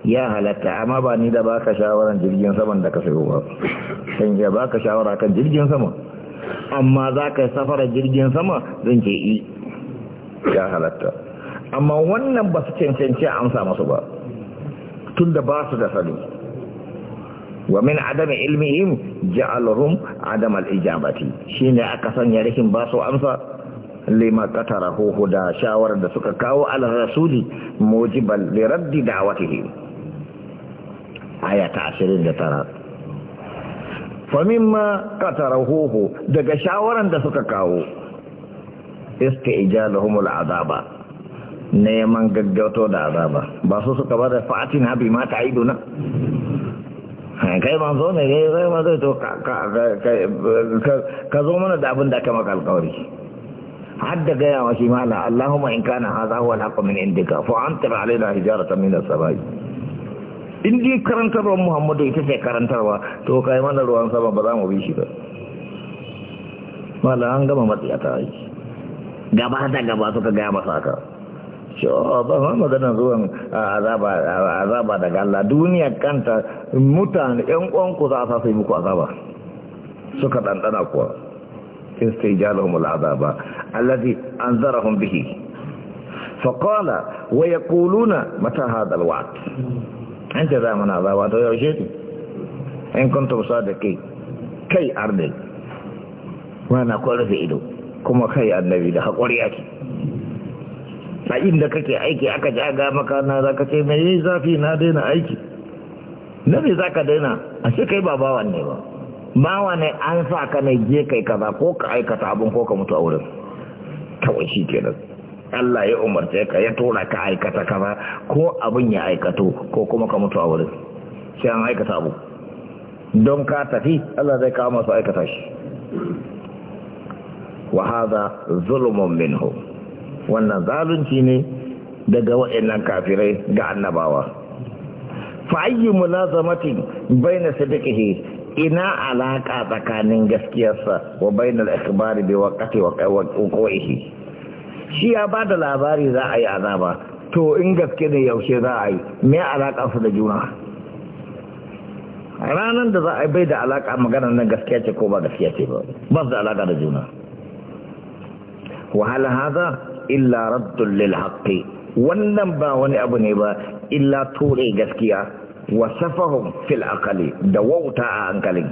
ya halatta amma ba ni da baka shawaran jirgin saman da ka shigo ba sai ya baka shawara kan jirgin sama amma za ka safara jirgin sama zan ke yi ya halatta amma wannan ba su cancanci a amsa masu ba tun da ba su da salo wa min adami ilmihim ja'alhum adam al-ijabati shine aka sanya rikin ba su amsa lima katara huhu da shawar da suka kawo al rasuli mujiban li raddi da'watihi aya ta 29 fa mimma katara huhu daga shawaran da suka kawo iska isti'jaluhum al azaba neman gaggauto da azaba ba su suka bada fa'atin habi ma ta'iduna kai zo ne kai zai zo to ka ka ka zo mana da abin da aka maka alƙawari. Hadda gaya wa shi mala Allahumma in kana hadha huwa al-haqqu min indika fa antir alaina hijaratan min as-samai in dai karantarwar Muhammadu ita ce karantarwa to kai mana ruwan sama ba za mu bi shi ba mala an gama matsiya ta yi gaba da gaba suka gaya masa haka ba ma magana zuwan azaba daga Allah duniya kanta mutane 'yan uwanku za a sa muku azaba suka ɗanɗana kuwa in suka yi jalohun al’ada ba, allazi an zarahun bihi. Fakola waya kuluna mata hadalwa. An ce za mana zawa ta yaushe ne, in kun tausa da kai, kai arnil, wana kwarar da ido, kuma kai annabi da haƙwar yaki. A inda kake aiki aka ji aga maka na ka ce mai zafi na daina aiki. Nabi za ka daina, a ce kai ba bawan ne ba. bawa ne an sa ka na je kai kaza ko ka aikata abin ko ka mutu a wurin kawai shi kenan Allah ya umarce ka ya tura ka aikata kaza ko abin ya aikato ko kuma ka mutu a wurin sai an aikata abu don ka tafi Allah zai kawo masu aikata shi wa hadha zulmun minhu wannan zalunci ne daga waɗannan kafirai ga annabawa fa ayyu mulazamatin baina sadiqihi ina alaka tsakanin gaskiyarsa wa bainal ikhbari bi waqati wa qawqihi shi ya bada labari za a yi azaba to in gaske ne yaushe za a yi me alaka su da juna ranar da za a bai da alaka magana nan gaskiya ce ko ba gaskiya ce ba ba da alaka da juna وهل illa raddul lil haqqi wannan ba wani abu ne ba illa ture gaskiya وسفهم في الأقل دووتا أنقلين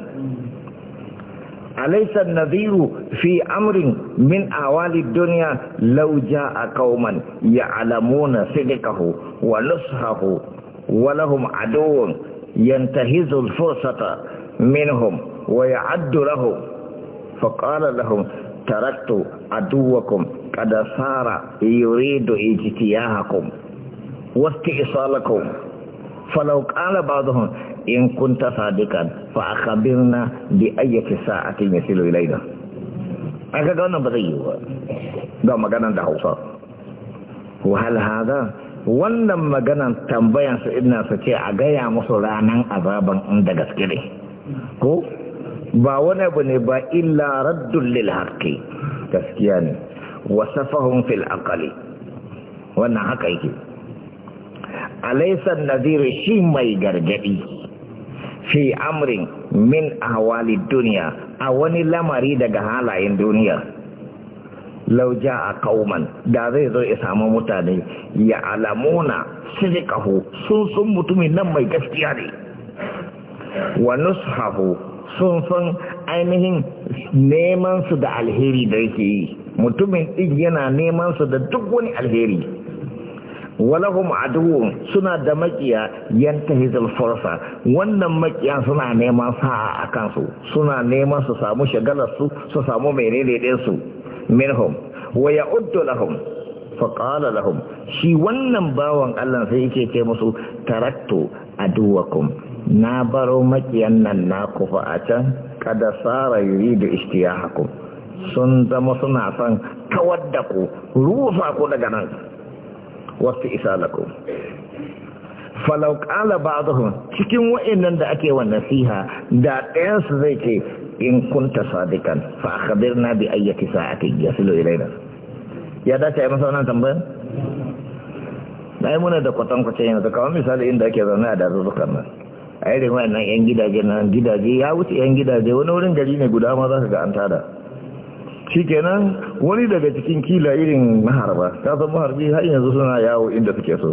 أليس النذير في أمر من أعوال الدنيا لو جاء قوما يعلمون صدقه ونصحه ولهم عدو ينتهز الفرصة منهم ويعد لهم فقال لهم تركت عدوكم قد صار يريد اجتياهكم واستئصالكم falau qala ba'dhum in kunta sadiqan fa akhbirna bi ayyati sa'atin yasilu ilayna aka ga wannan ba zai yi ba ga maganan da Hausa wahal hada wannan maganan tambayan su idna su ce a gaya musu ranan azaban da gaske ne ko ba wani abu ne ba illa raddun lil haqqi gaskiya ne wasafahum fil aqali wannan haka yake alaisan Naziru shi mai gargadi fi amrin min ahwali duniya a wani lamari daga halayen duniya lauja a kauman da zai zo ya samu mutane ya alamuna sirikahu sun sun mutumin nan mai gaskiya ne wa nushahu sun san ainihin neman su da alheri da yake yi mutumin ɗin yana neman su da duk wani alheri walahum aduwwun suna da makiya yantahizul fursa wannan makiya suna neman sa'a a kansu suna neman su samu shagalar su su samu menene din su minhum wa ya'uddu lahum fa qala lahum shi wannan bawan Allah sai yake ce musu taraktu aduwakum na baro makiyan nan na kufa a can kada sara yuridu ishtiyahakum sun zama suna son kawar da ku rufa ku daga nan wasu isa lako falau ƙala ba cikin wa'in da ake wa nasiha da ɗayansu zai ce in kunta sadikan fa a kabir na bi ayyaki sa'atin yasilu ilaina ya dace yi masa wannan tambayar na yi muna da yana da kamar misali inda ake zaune a dazuzzukan nan a irin wa'annan yan gidaje nan gidaje ya wuce yan gidaje wani wurin gari ne guda ma za ka ga an tada shi kenan wani daga cikin kila irin maharba ta san maharbi har yanzu suna yawo inda suke so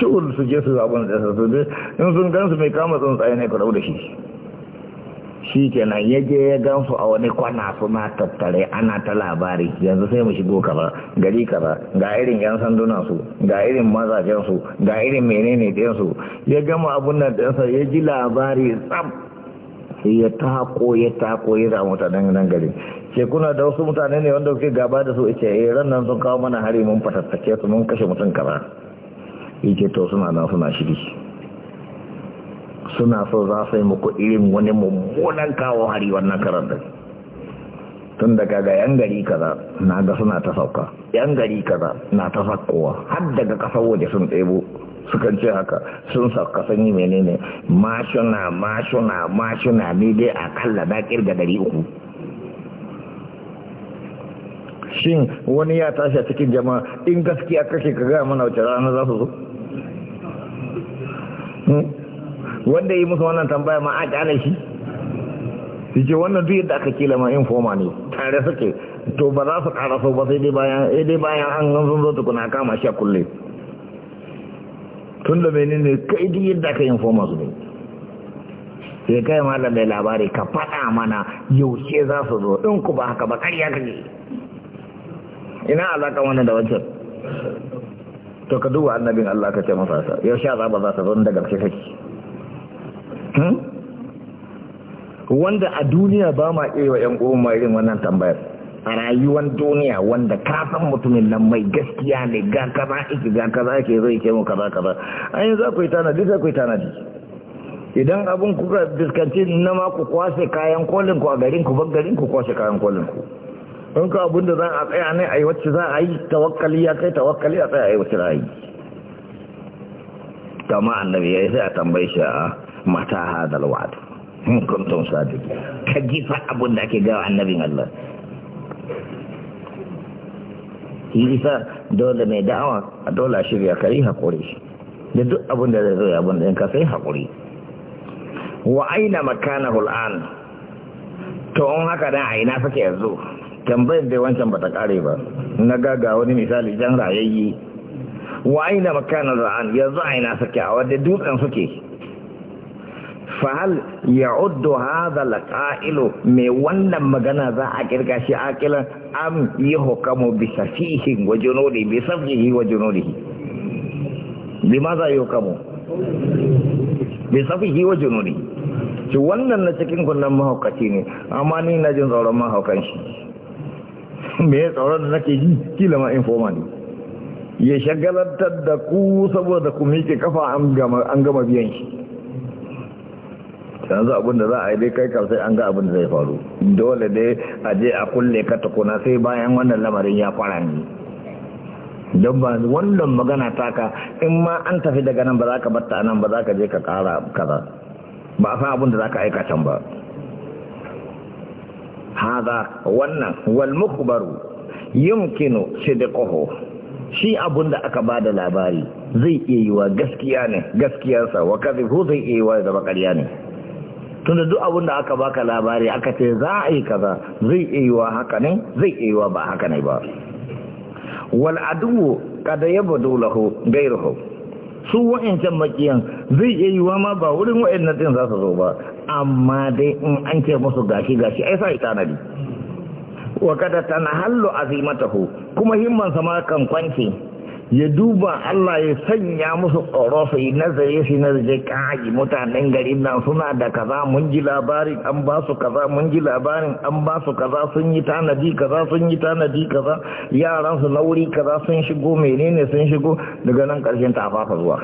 ciwon su je su zaɓin da su dai in sun gansu mai kama tsuntsaye ne farau da shi shi kenan ya je ya gansu a wani kwana suna tattare ana ta labari yanzu sai mu shigo kaza gari kaza ga irin yan sandunansu su ga irin mazajen su ga irin menene ɗin ya gama abun nan ɗinsa ya ji labari tsab ya tako ya tako ya za mutanen nan gari ke kuna da wasu mutane ne wanda kuke gaba da su ce eh ran nan sun kawo mana hari mun fatattake su mun kashe mutum kaza yake to suna nan suna shiri suna so za su yi muku irin wani mummunan kawo hari wannan karar da tun daga ga yan gari kaza na ga suna ta sauka yan gari kaza na ta sakkowa, har daga kasar waje sun ɗebo sukan ce haka sun sauka sanyi menene mashuna mashuna mashuna ne dai a kalla da kirga dari uku shin wani ya tashi a cikin jama'a in gaskiya kashe ka gaya mana wace rana za su zo hmm? wanda yi musu wannan tambaya ma a kyanar shi yake wannan duk yadda aka kila ma informa ne tare suke to ba za su sau ba sai dai bayan an zo tukuna kama shi a kulle tun da menene kai duk yadda aka yin foma su ne sai kai malam da labari ka faɗa mana yaushe za su zo in ku ba haka ba ƙarya kake ina alaƙa wani da wancan to ka duba annabin Allah ka ce masa sa yaushe za ba za ta zo daga ce take hmm? wanda a duniya ba ma iya wa ƴan uwan ma irin wannan tambayar a rayuwar duniya wanda ka san mutumin nan mai gaskiya ne ga kaza yake ga kaza yake zai ce mu kaza kaza yi za ku yi tanadi za ku yi tanadi idan abin kuka fuskanci na ma ku kwashe kayan kolin ku a garin ku bangarin ku kwashe kayan kolin ku in ka abin da za a tsaya ne a yi wacce za a yi tawakkali ya kai tawakkali a tsaya a yi wacce za a yi kama annabi ya yi sai a tambayi shi a ah, mata hadal wa'ad in kuntum sadiq ka jifa abin da ake gawa annabin Allah shi isa dole mai da'awa a dole shirya kari haƙuri da duk abin da zai zoye abin da ka kasai haƙuri wa aina makana hul'an to in haka dan aina suke yanzu tambayar dai wancan ba ta ƙare ba na gaga wani misali jan rayayye wa aina makana hul'an yanzu aina suke a wadda dutsen suke Fahal ya يعد هذا القائل من wannan magana za a kirga shi aqilan am yuhkamu bi safihin wa junudi bi ma za junudihi limaza yuhkamu bi safihi wa junudihi shi wannan na cikin kunnan mahaukaci ne amma ni na jin tsoron mahaukan shi me ya tsoron da nake yi, kila ma informa ne ya shagalantar da ku saboda ku miƙe kafa an gama biyan shi yanzu abin da za a yi dai kai kan sai an ga abin da zai faru dole dai a je a kulle ka tukuna sai bayan wannan lamarin ya fara ni don ba wannan magana taka in ma an tafi daga nan ba za ka batta nan ba za ka je ka kara kaza ba a san abin da za ka aika can ba haza wannan wal mukbaru yumkinu sidqahu shi abun da aka ba da labari zai iya yi gaskiya ne gaskiyarsa wa kadhibu zai iya yiwa wa zama ƙarya ne tunda duk abin da aka baka labari aka ce za a yi kaza zai iya haka ne zai iya ba haka ne ba wal adu kada yaba dolahu gairuhu su wa'ancan makiyan zai iya yiwa ma ba wurin wa'annan din za su zo ba amma dai in an ce musu gashi gashi ai sai tanadi wa kada hallo azimatahu kuma himman sama kan kwanci ya duba Allah ya sanya musu tsoro su yi nazari su nazari kaji mutanen garin nan suna da kaza mun ji labarin an ba su kaza mun ji labarin an ba su kaza sun yi tanadi kaza sun yi tanadi kaza yaran su nauri kaza sun shigo menene sun shigo daga nan karshen ta fafa zuwa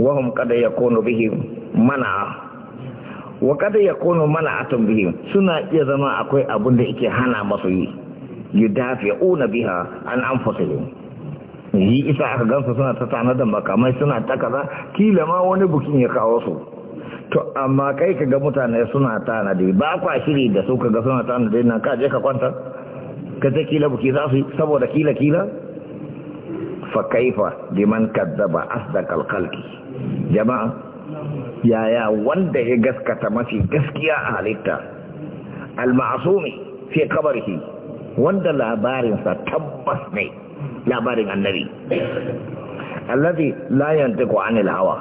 wahum kada kono bihi mana wa kada mana mana'atun bihi suna iya zama akwai abin da yake hana masu yi yudafi'una biha an anfusihim yi isa aka gansa suna ta tanadan makamai suna ta kaza kila ma wani bukin ya kawo su to amma kai ka ga mutane suna tanadi ba kwa shiri da su ka ga suna tanadi nan ka je ka kwanta ka je kila buki za su saboda kila kila fa kaifa liman kazzaba asdaqal khalqi jama'a yaya wanda ya gaskata mafi gaskiya a halitta al ma'sumi fi qabrihi wanda labarinsa tabbas ne labarin annabi allazi la yantiqu anil hawa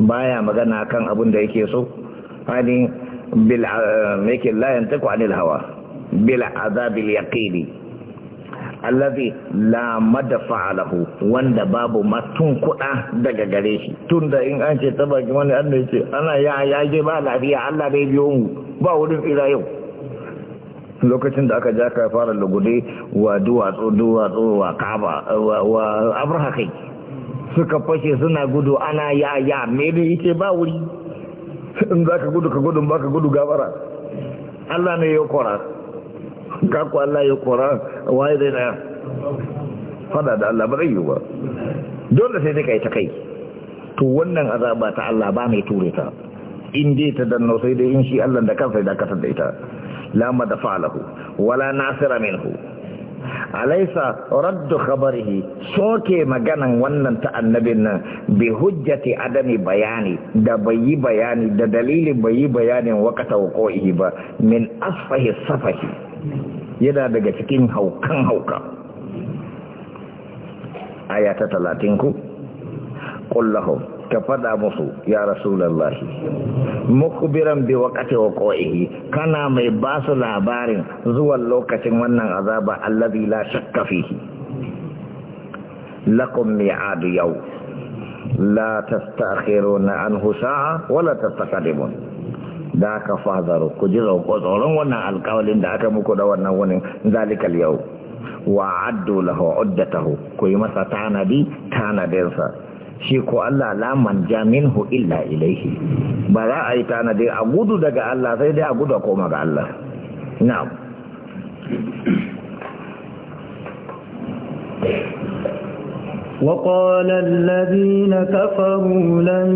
baya magana kan abin da yake so hadin bil ah, yake la yantiqu anil hawa bil azabil yaqini allazi la madfa lahu wanda babu matun kuɗa daga gare shi tunda in an ce tabaki wani annabi ce ana ya yaje ba lafiya Allah bai biyo mu ba wurin tsira yau lokacin da aka ja ka fara lugude wa duwatsu duwatsu wa kaba wa abraha kai suka fashe suna gudu ana ya ya mene yake ba wuri in za ka gudu ka gudu ba ka gudu gabara Allah ne ya kora kakwa Allah ya kora waye zai daya fada da Allah ba zai yi ba dole sai dai kai ta kai to wannan azaba ta Allah ba mai ture ta in dai ta danno sai dai in shi Allah da kansa da kasar da ita لا مدفع له ولا ناصر منه أليس رد خبره سوكي مجانا ونن تأنبنا بهجة عدم بياني دا بي بياني دا دليل بي بياني وقت وقوعه با من أصفه الصفه يدا دقا تكين هوكا هوكا آيات تلاتينكو قل لهم ka faɗa musu ya rasulallahi mukbiran bi waqati waqihi kana mai ba su labarin zuwa lokacin wannan azaba allazi la shakka fihi lakum mi'adu yau la tastakhiruna anhu sa'a wala tastaqdimun da ka fazaru ku ji roƙo tsoron wannan alƙawalin da aka muku da wannan wani zalikal yau wa addu lahu uddatahu ku yi masa tanadi tanadinsa shi ko Allah la manja minhu illa ilaihi ba za a yi tanadi a gudu daga Allah sai dai a gudu koma ga Allah na'am وقال الذين كفروا لن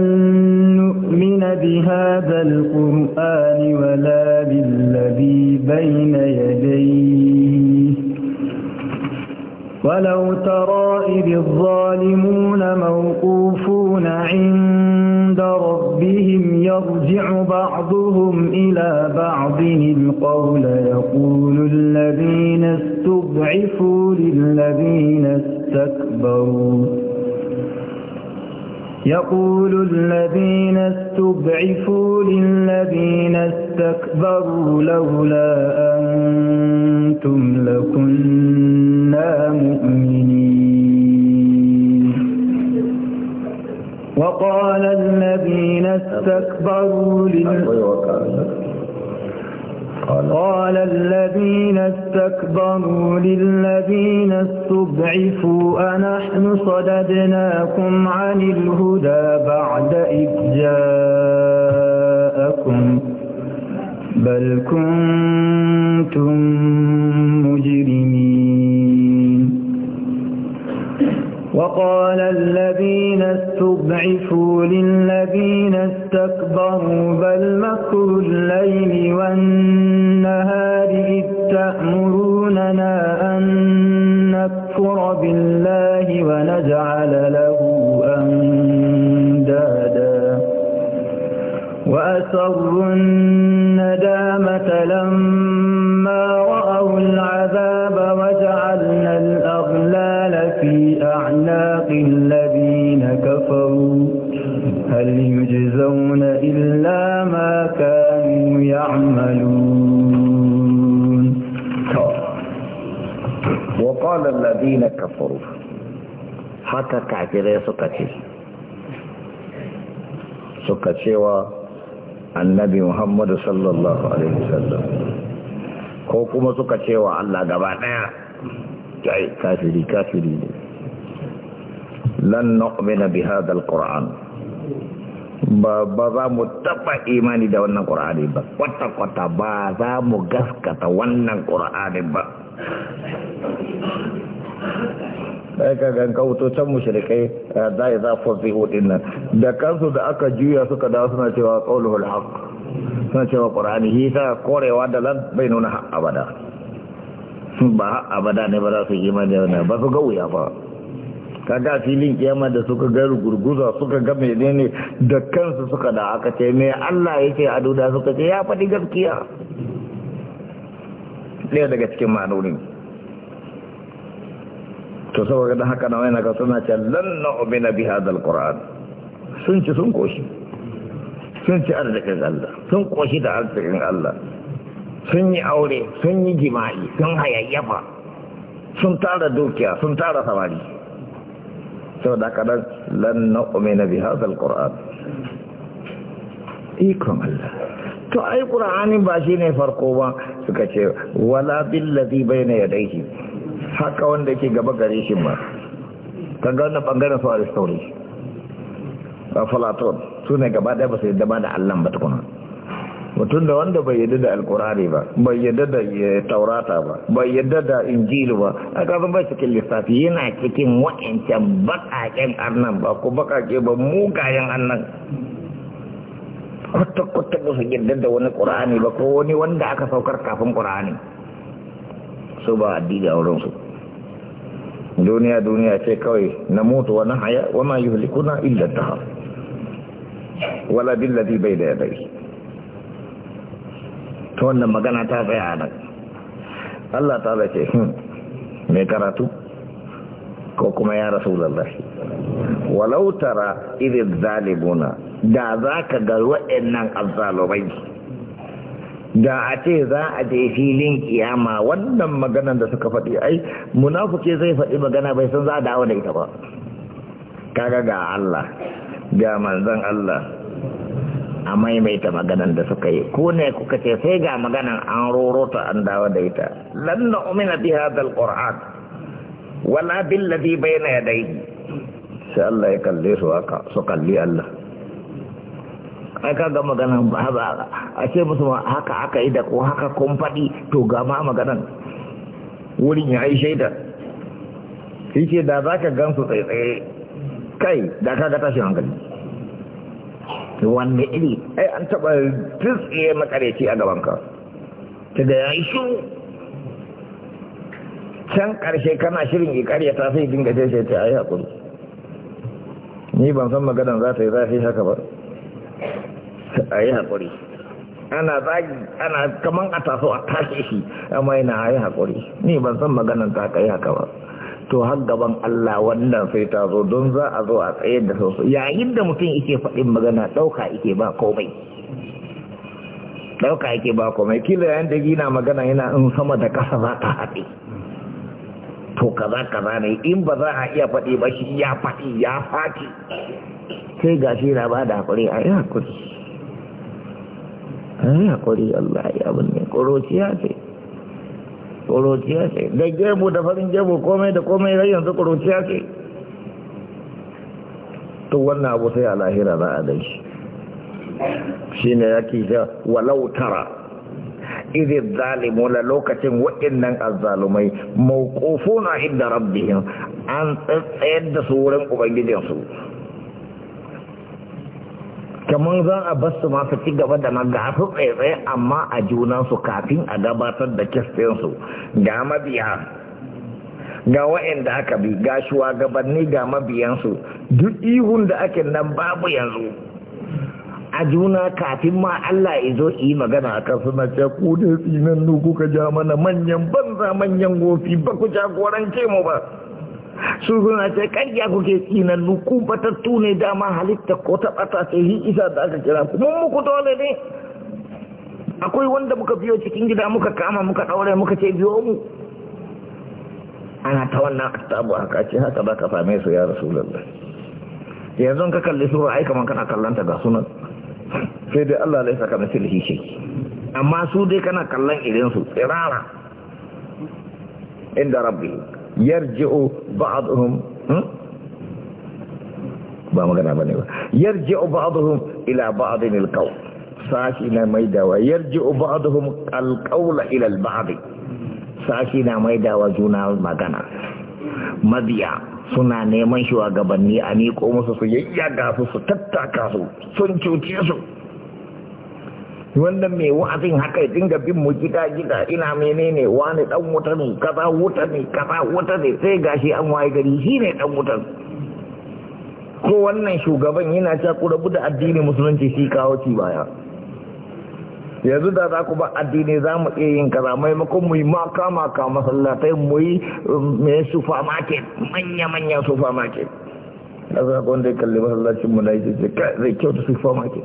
نؤمن بهذا القرآن ولا بالذي بين يديه ولو ترى إذ الظالمون موقوفون عند ربهم يرجع بعضهم إلى بعض القول يقول الذين استضعفوا للذين استكبروا يقول الذين استضعفوا للذين استكبروا لولا أنتم لكنا مؤمنين وقال الذين استكبروا للذين قال, قال الذين استكبروا للذين استضعفوا أنحن صددناكم عن الهدى بعد إذ جاءكم بل كنتم مجرمين وقال الذين استضعفوا للذين استكبروا بل مكر الليل والنهار إذ تأمروننا أن نكفر بالله ونجعل له أندادا وأسروا الندامة لما العذاب وجعلنا الأغلال في أعناق الذين كفروا هل يجزون إلا ما كانوا يعملون وقال الذين كفروا حتى كعجلية سكتي سكتي النبي محمد صلى الله عليه وسلم ko kuma suka cewa Allah gaba ɗaya kai kafiri kafiri ne lan nu'mina bi hadha alquran ba za mu taba imani da wannan qur'ani ba kwata kwata ba za mu gaskata wannan qur'ani ba sai ka gan ka can mushrikai da eh, za fuzihu dinnan da kansu da aka juya suka da suna cewa qaulul haqq suna cewa ƙorani shi ta korewa da lan bai nuna abada ba abada ne ba za su yi mani yana ba su gauya ba ga filin kiyama da suka ga gurguza suka ga ne da kansu suka da aka ce me Allah yake a duda suka ce ya faɗi gaskiya ɗaya daga cikin ma'anonin to saboda haka na wani ga suna ce lan na hadal qur'an sun ci sun koshi sun ci arzikin Allah sun koshi da arzikin Allah sun yi aure sun yi jima'i sun hayayyafa sun tara dukiya sun tara samari sau da kadan lan na umina bi hazal ƙura'an ikon Allah to ai ƙura'anin ba shi ne farko ba suka ce wala billazi bai na yadaihi haka wanda ke gaba gare shi ba ta gane ɓangaren su a restauri a falaton su ne gaba ɗaya ba su yadda ba da allan ba tukuna mutum da wanda bai yadda da alkurari ba bai yadda da eh, taurata ba bai yadda da injilu ba a gaban bai cikin lissafi yana cikin wa'ancan baƙaƙen annan ba ko baƙaƙe ba mugayen annan kwata-kwata ba su yadda da wani ƙura'ani ba ko wani wanda aka saukar kafin ƙura'ani su ba a a wurinsu duniya duniya ce kawai na mutu wani haya wani yuhulikuna illa ta wala billadi bai da yadai ta wannan magana ta tsaya nan Allah ta zace mai hmm, karatu ko kuma ya rasu lallashi walau tara irin zalibuna. da za ka ga wa'annan azzalumai da a ce za a je filin kiyama wannan maganan da suka faɗi ai munafuke zai faɗi magana bai san za a dawo da ita ba kaga ga Allah ga manzan Allah a maimaita maganan da suka yi ko ne kuka ce sai ga maganan an rorota an dawo da ita lan na umina bi hadal qur'an wala bil ladhi bayna yadayhi sai Allah ya kalle su haka su kalli Allah ai ga maganan ba a ce musu haka aka yi da ko haka kun faɗi to ga ma maganan wurin ya yi shaida shi ce da za ka gan su tsaitsaye kai da ka ga tashin hankali wanne iri ai an taba tsitsiye makareci a gabanka ta da ya yi shuru can ƙarshe kana shirin ya ta sai dinga ce ta yi haƙuri ni ban san maganar za ta yi zafi haka ba a yi haƙuri ana zagi ana kaman a taso a tashe shi amma yana a yi haƙuri ni ban san za ta ka yi haka ba to har gaban Allah wannan sai ta zo don za a zo a tsayar da sosu yayin da mutum yake faɗin magana ɗauka yake ba komai ɗauka yake ba komai kila yayin da gina magana yana in sama da ƙasa za ta haɗe to kaza kaza ne in ba za a iya faɗi ba shi ya faɗi ya faɗi sai ga shi na ba da haƙuri a yi haƙuri a yi haƙuri Allah ya abin ne ya ce ƙuruciya ce da gemu da farin gemu komai da komai rai yanzu ƙuruciya ce to wannan abu sai a lahira za a dai shi ne ya ke ja walau tara izin zalimu na lokacin waɗannan azzalumai na inda rabbihin an tsayar da su wurin ubangijinsu kamar za a bar su masu ci gaba da su tsaye amma a junansu kafin a gabatar da kistinsu ga mabiya ga waɗanda aka bi ga gabanni ga mabiyansu duk ihun da ake nan babu yanzu a juna kafin ma Allah ya zo yi magana a kan suna ce ku da tsinan nuku kuka ja mana manyan banza manyan gofi ba ku jagorance mu ba su suna ce ƙarya kuke tsinan nuku batattu ne dama halitta ko ta ɓata sai yi isa da aka kira ku mun muku dole ne akwai wanda muka biyo cikin gida muka kama muka ɗaure muka ce biyo mu ana ta wannan attabu a ce haka ba ka same su ya rasu rasulullah yanzu ka kalli sura ai kamar kana kallanta ga sunan sai dai Allah laisa ka mislihi shi amma su dai kana kallon irin su tsirara inda rabbi يرجع بعضهم بما يرجع بعضهم الى بعض القول ساكنا ميدا ويرجع بعضهم القول الى البعض ساكنا ميدا وجونا المكان مديا suna neman shugabanni a miƙo musu su yayyaga su su tattaka su wannan mai wa'azin haka ya dinga bin mu gida gida ina menene wani dan wuta ne kaza wuta ne kaza wuta ne sai gashi an waye gari shi ne dan wuta ko wannan shugaban yana cewa ku da addini musulunci shi kawo ci baya yanzu da za ku ba addini za mu iya yin kaza maimakon mu yi maka maka masallatai mu yi mai um, supermarket manya-manya supermarket da za ku wanda ya kalli masallacin mu na yi zai kyauta supermarket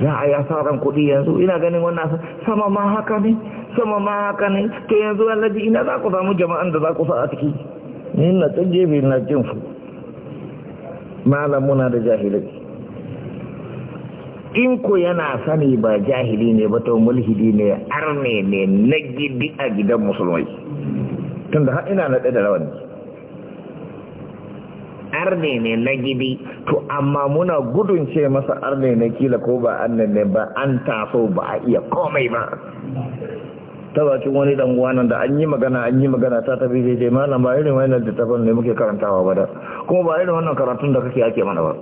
za a yi asarar kuɗi yanzu ina ganin wannan sama ma haka ne sama ma haka ne to yanzu alhaji ina za ku samu jama'an da za ku sa a ciki ni na ta gefe na jin su malam da jahilai in ku yana sani ba jahili ne ba ta mulhidi ne arne ne na gidi a gidan musulmai tunda har ina naɗe da ne arne ne na gidi to amma muna gudun ce masa arne ne kila ko ba annan ne ba an taso ba a iya komai ba ta cikin wani dan nan da an yi magana an yi magana ta tafi sai dai malam ba irin wannan ta ne muke karantawa ba da kuma ba irin wannan karatun da kake ake mana ba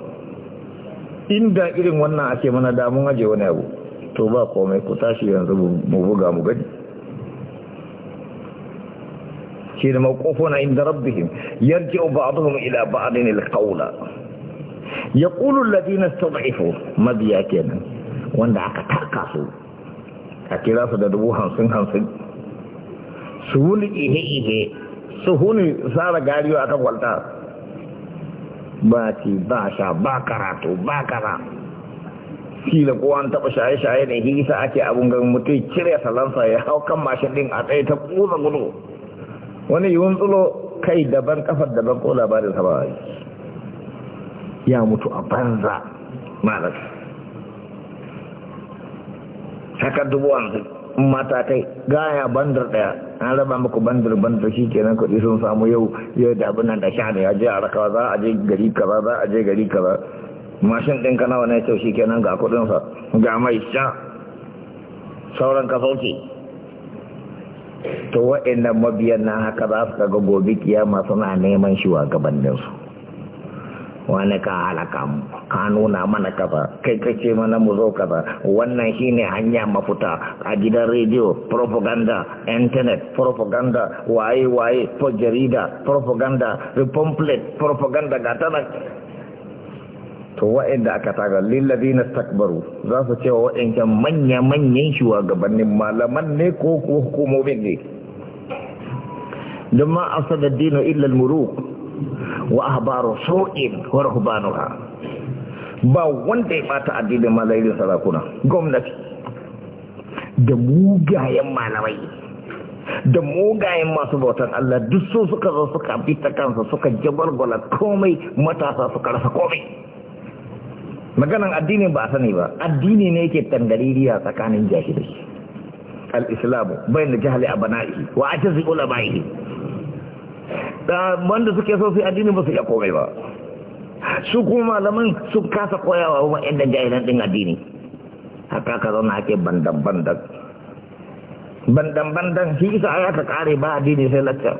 inda irin wannan ake mana da mun aje wani abu to ba komai ku tashi yanzu mu buga mu gani shi da maƙofuna inda rabbihim yarji ba'aduhum ila ba'din alqawla yaqulu alladhina istad'ifu madiyakan wanda aka taka su a kira da dubu hamsin hamsin su huni ihe ihe su huni tsara gariyo a kakwalta ba ci ba sha ba karatu ba kara sila ko an taɓa shaye-shaye da hisa ake abin gan mutu cire salansa ya hau kan mashin ɗin a tsaye ta ƙuza gudu wani yiwun tsulo kai daban kafar daban ko labarin sa ba ya mutu a banza malar shakar dubu wanzu mata kai gaya bandar daya an raba muku bandar bandar shi kenan kuɗi sun samu yau yau da abin nan da sha ne aje je a raka za a je gari kaza za a je gari kaza mashin ɗin kana wani kyau shi kenan ga kuɗinsa ga mai sha sauran ka sauke to wa'annan mabiyan na haka za su ga gobe kiyama suna neman shi wa gabaninsu wani ka halaka ka nuna mana kaza kai kace mana mu zo kaza wannan shine hanya mafuta a gidan rediyo propaganda internet propaganda waye waye po jarida propaganda pamphlet propaganda ga tana to wa'inda aka taga lillazina takbaru za su cewa kan manya-manyan shugabannin malaman ne ko hukumomin ne don ma afsada dino illal muru wa ahbaru so'in wa ba wanda ya bata addinin malayin sarakuna gwamnati da mugayen malamai da mugayen masu bautan Allah duk su suka zo suka bi ta kansa suka gwala komai matasa suka rasa komai maganan addini ba a sani ba addini ne yake tangaririya tsakanin jahilai al-islamu bayan da jahali a bana'i wa a cikin ulama'i da wanda suke so su addini ba su ya komai ba su kuma malaman su kasa koyawa wa yadda jahilan din addini haka ka zauna ake bandan-bandan bandan-bandan shi isa ya ka kare ba addini sai lakar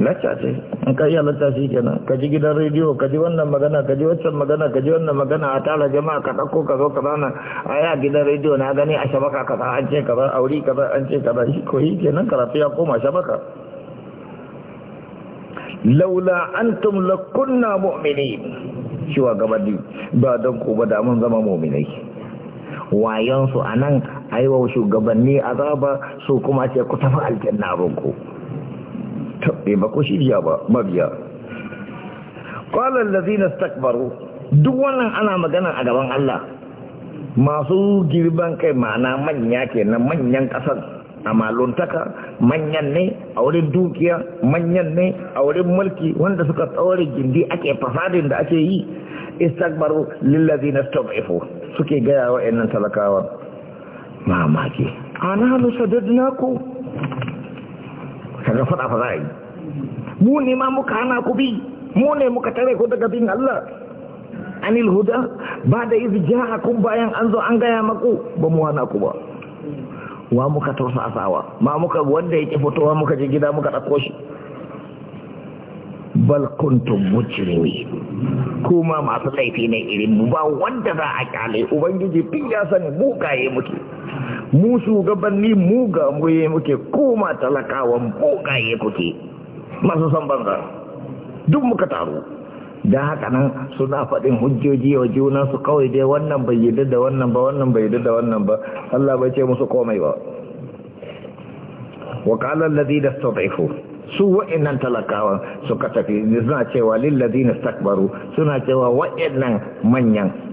lacace in ka iya littafi kenan ka ji gidan rediyo ka ji wannan magana ka ji waccan magana ka ji wannan magana a tara jama'a ka ɗauko ka zo ka zana a ya gidan rediyo na gani a shabaka ka an ce ka ba auri ka ba an ce ka ba ko yi kenan karatu ya koma shabaka laula antum lakunna mu'minin shiwa gabadi ba don ku ba da mun zama mu'minai wayansu anan aiwa shugabanni azaba su kuma ce ku tafi aljanna ku taɓe ba ko shirya ba mabiya ƙwalar lazina stakbaru duk wannan ana magana a gaban Allah masu girban kai ma'ana manya kenan manyan ƙasar a maluntaka manyan ne a wurin dukiya manyan ne a wurin mulki wanda suka tsawari gindi ake fasadin da ake yi istagbaru lillazina na suke gaya wa'annan talakawa mamaki ana hannu sadadina ku sannan faɗa fa za a yi mu ne ma muka hana ku bi mu ne muka tare ku daga bin Allah anil huda ba da izi kun bayan an zo an gaya maku ba mu hana ku ba wa muka tausasawa ma muka wanda yake fitowa muka je gida muka ɗauko shi bal kuntum mujrimi kuma masu laifi ne irin mu ba wanda za a kyale ubangiji tun ya sani mu kaye muke mu shugabanni mu ga muye muke koma talakawan bogaye kuke masu san banza duk muka taru da haka nan suna faɗin hujjoji wa juna su kawai dai wannan bai yadda da wannan ba wannan bai yadda da wannan ba Allah bai ce musu komai ba wa qala allazi nastad'ifu su wa'annan talakawa suka tafi suna cewa ladina istakbaru suna cewa wa'annan manyan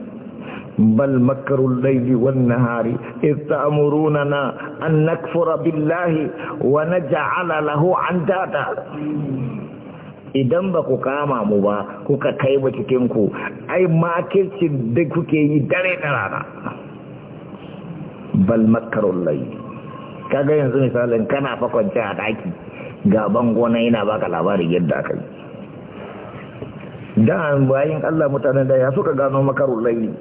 بل مكر الليل والنهار إذ تأمروننا أن نكفر بالله ونجعل له عندادا idan ba ku kama mu ba kuka kai ba cikinku ai makircin da kuke yi dare da rana bal makarun kaga yanzu misalin kana fa a daki ga bango yana baka labarin yadda aka yi da bayan Allah mutanen da ya suka gano makarun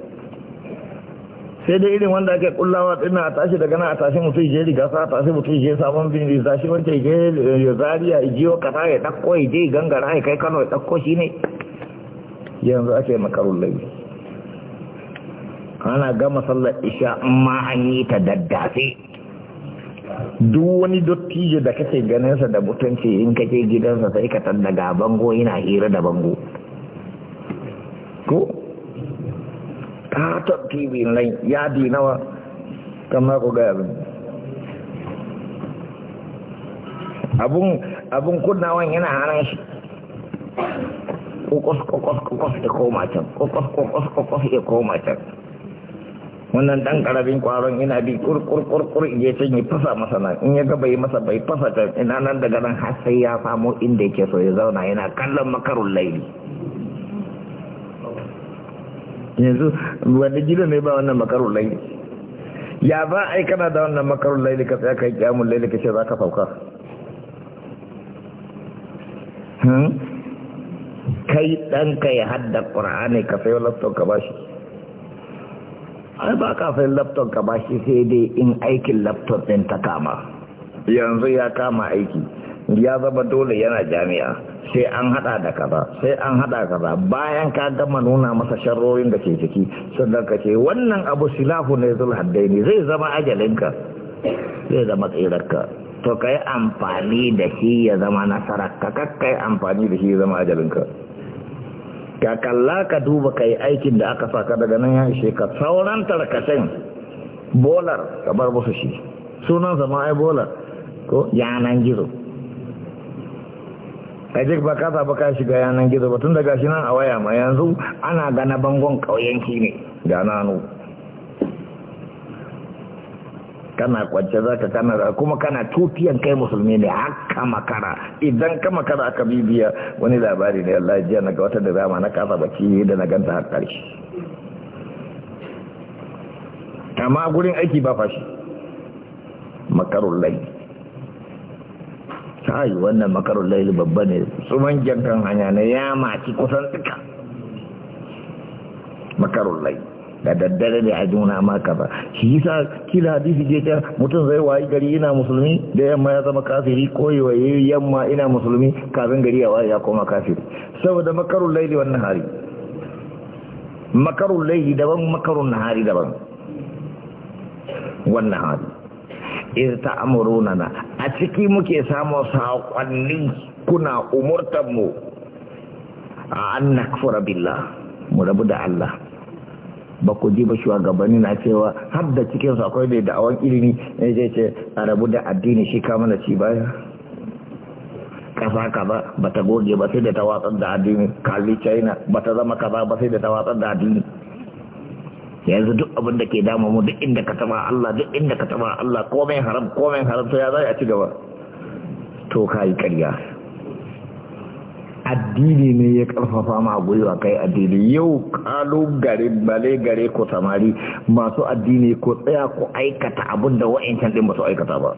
sai dai irin wanda ake kullawa tsina a tashi daga nan a tashi mutum je riga sa a tashi mutum je sabon bin riga tashi wanda je ya zariya ya jiyo kasa ya dakko ya je gangara ya kai kano ya dakko shi ne yanzu ake makarun laifi ana gama sallar isha amma an yi ta daddafe duk wani dottijo da kake ganinsa da mutunci in kake gidansa sai ka tanda ga bango yana hira da bango ko katon tv ya yadi nawa kamar ku ga abin abun abun kunnawan yana hannun shi kokos kokos kokos ya koma can kokos kokos kokos ya koma can wannan dan karabin kwaron ina bi kurkur kurkur in can ya fasa masa nan in ya ga bai masa bai fasa can ina nan daga nan har sai ya samu inda yake so ya zauna yana kallon makarun laili yanzu wanda gida ne ba wannan makarun laili ya ba yi kana da wannan makarun laili ka tsaya kai kyamun laili ka ce za ka sauka hmm? kai ɗanka ya hadda ƙura'ani ka sayo laptop ka bashi ai ba ka sayo laptop ka bashi sai dai in aikin laptop ɗin ta kama yanzu ya kama aiki ya zama dole yana jami'a sai an hada da kaza sai an hada kaza bayan ka gama nuna masa sharrorin da ke ciki sannan ka ce wannan abu silahu ne zul haddaini zai zama ajalinka zai zama tsirarka to kai amfani da shi ya zama nasara ka kakkai amfani da shi ya zama ajalinka ka kalla ka duba kai aikin da aka saka daga nan ya ishe ka sauran tarkacin bolar ka bar musu shi sunan zama ai bolar ko yanan gizo ka je ba kasa ba ka shiga yanan gizo ba tun daga shi nan a waya ma yanzu ana gana bangon kauyenki ne da nanu kana kwance zaka kana kuma kana tutiyan kai musulmi ne haka makara idan ka makara aka bibiya wani labari ne Allah jiya na ga wata da zama na kasa baki da na ganta har ƙarshe amma gurin aiki ba fashi makarun kai wannan makarar laili babba ne tsuman jankan hanya ne ya maci kusan duka makarar laili da daddare da ajuna maka ba shi yasa kila hadisi je ta mutum zai wayi gari ina musulmi da yamma ya zama kafiri ko yayi yamma ina musulmi kafin gari ya wayi ya koma kafiri saboda makarar laili wannan hari makarar laili daban makarar nahari daban wannan hari iz ta'muruna a ciki muke samu saƙonni kuna umurtan mu a an nakfura billah mu rabu da Allah ba ku ji ba shugabanni na cewa har da cikin su akwai da da'awan ilimi ne zai ce a rabu da addini shi ka mana ci baya kasa kaza ba ta goge ba sai da ta watsar da addini kalli china ba ta zama kaza ba sai da ta watsar da addini yanzu duk abin da ke dama mu duk inda ka taba Allah duk inda ka taba Allah komai haram komai haram to ya za a ci gaba to kai ƙarya addini ne ya karfafa ma gwiwa kai addini yau kalu gare bale gare ko samari masu addini ko tsaya ko aikata abin da wa'ancan din ba su aikata ba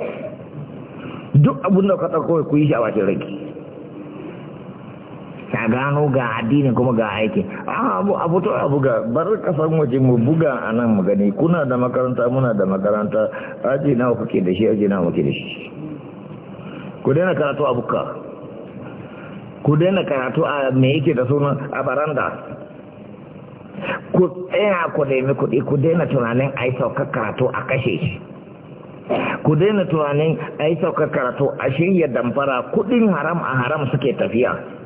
duk abin da ka kawai ku yi shi a bakin rage ka gano ga addinin kuma ga aiki abu abu to abu ga bar kasan waje mu buga a nan mu gani kuna da makaranta muna da makaranta aji nawa kuke da shi aji nawa muke da shi ku daina karatu a bukka ku daina karatu a me yake da sunan a baranda ku tsaya ku daina kuɗi ku daina tunanin a yi saukar karatu a kashe shi ku daina tunanin a yi saukar karatu a shirya damfara kuɗin haram a haram suke tafiya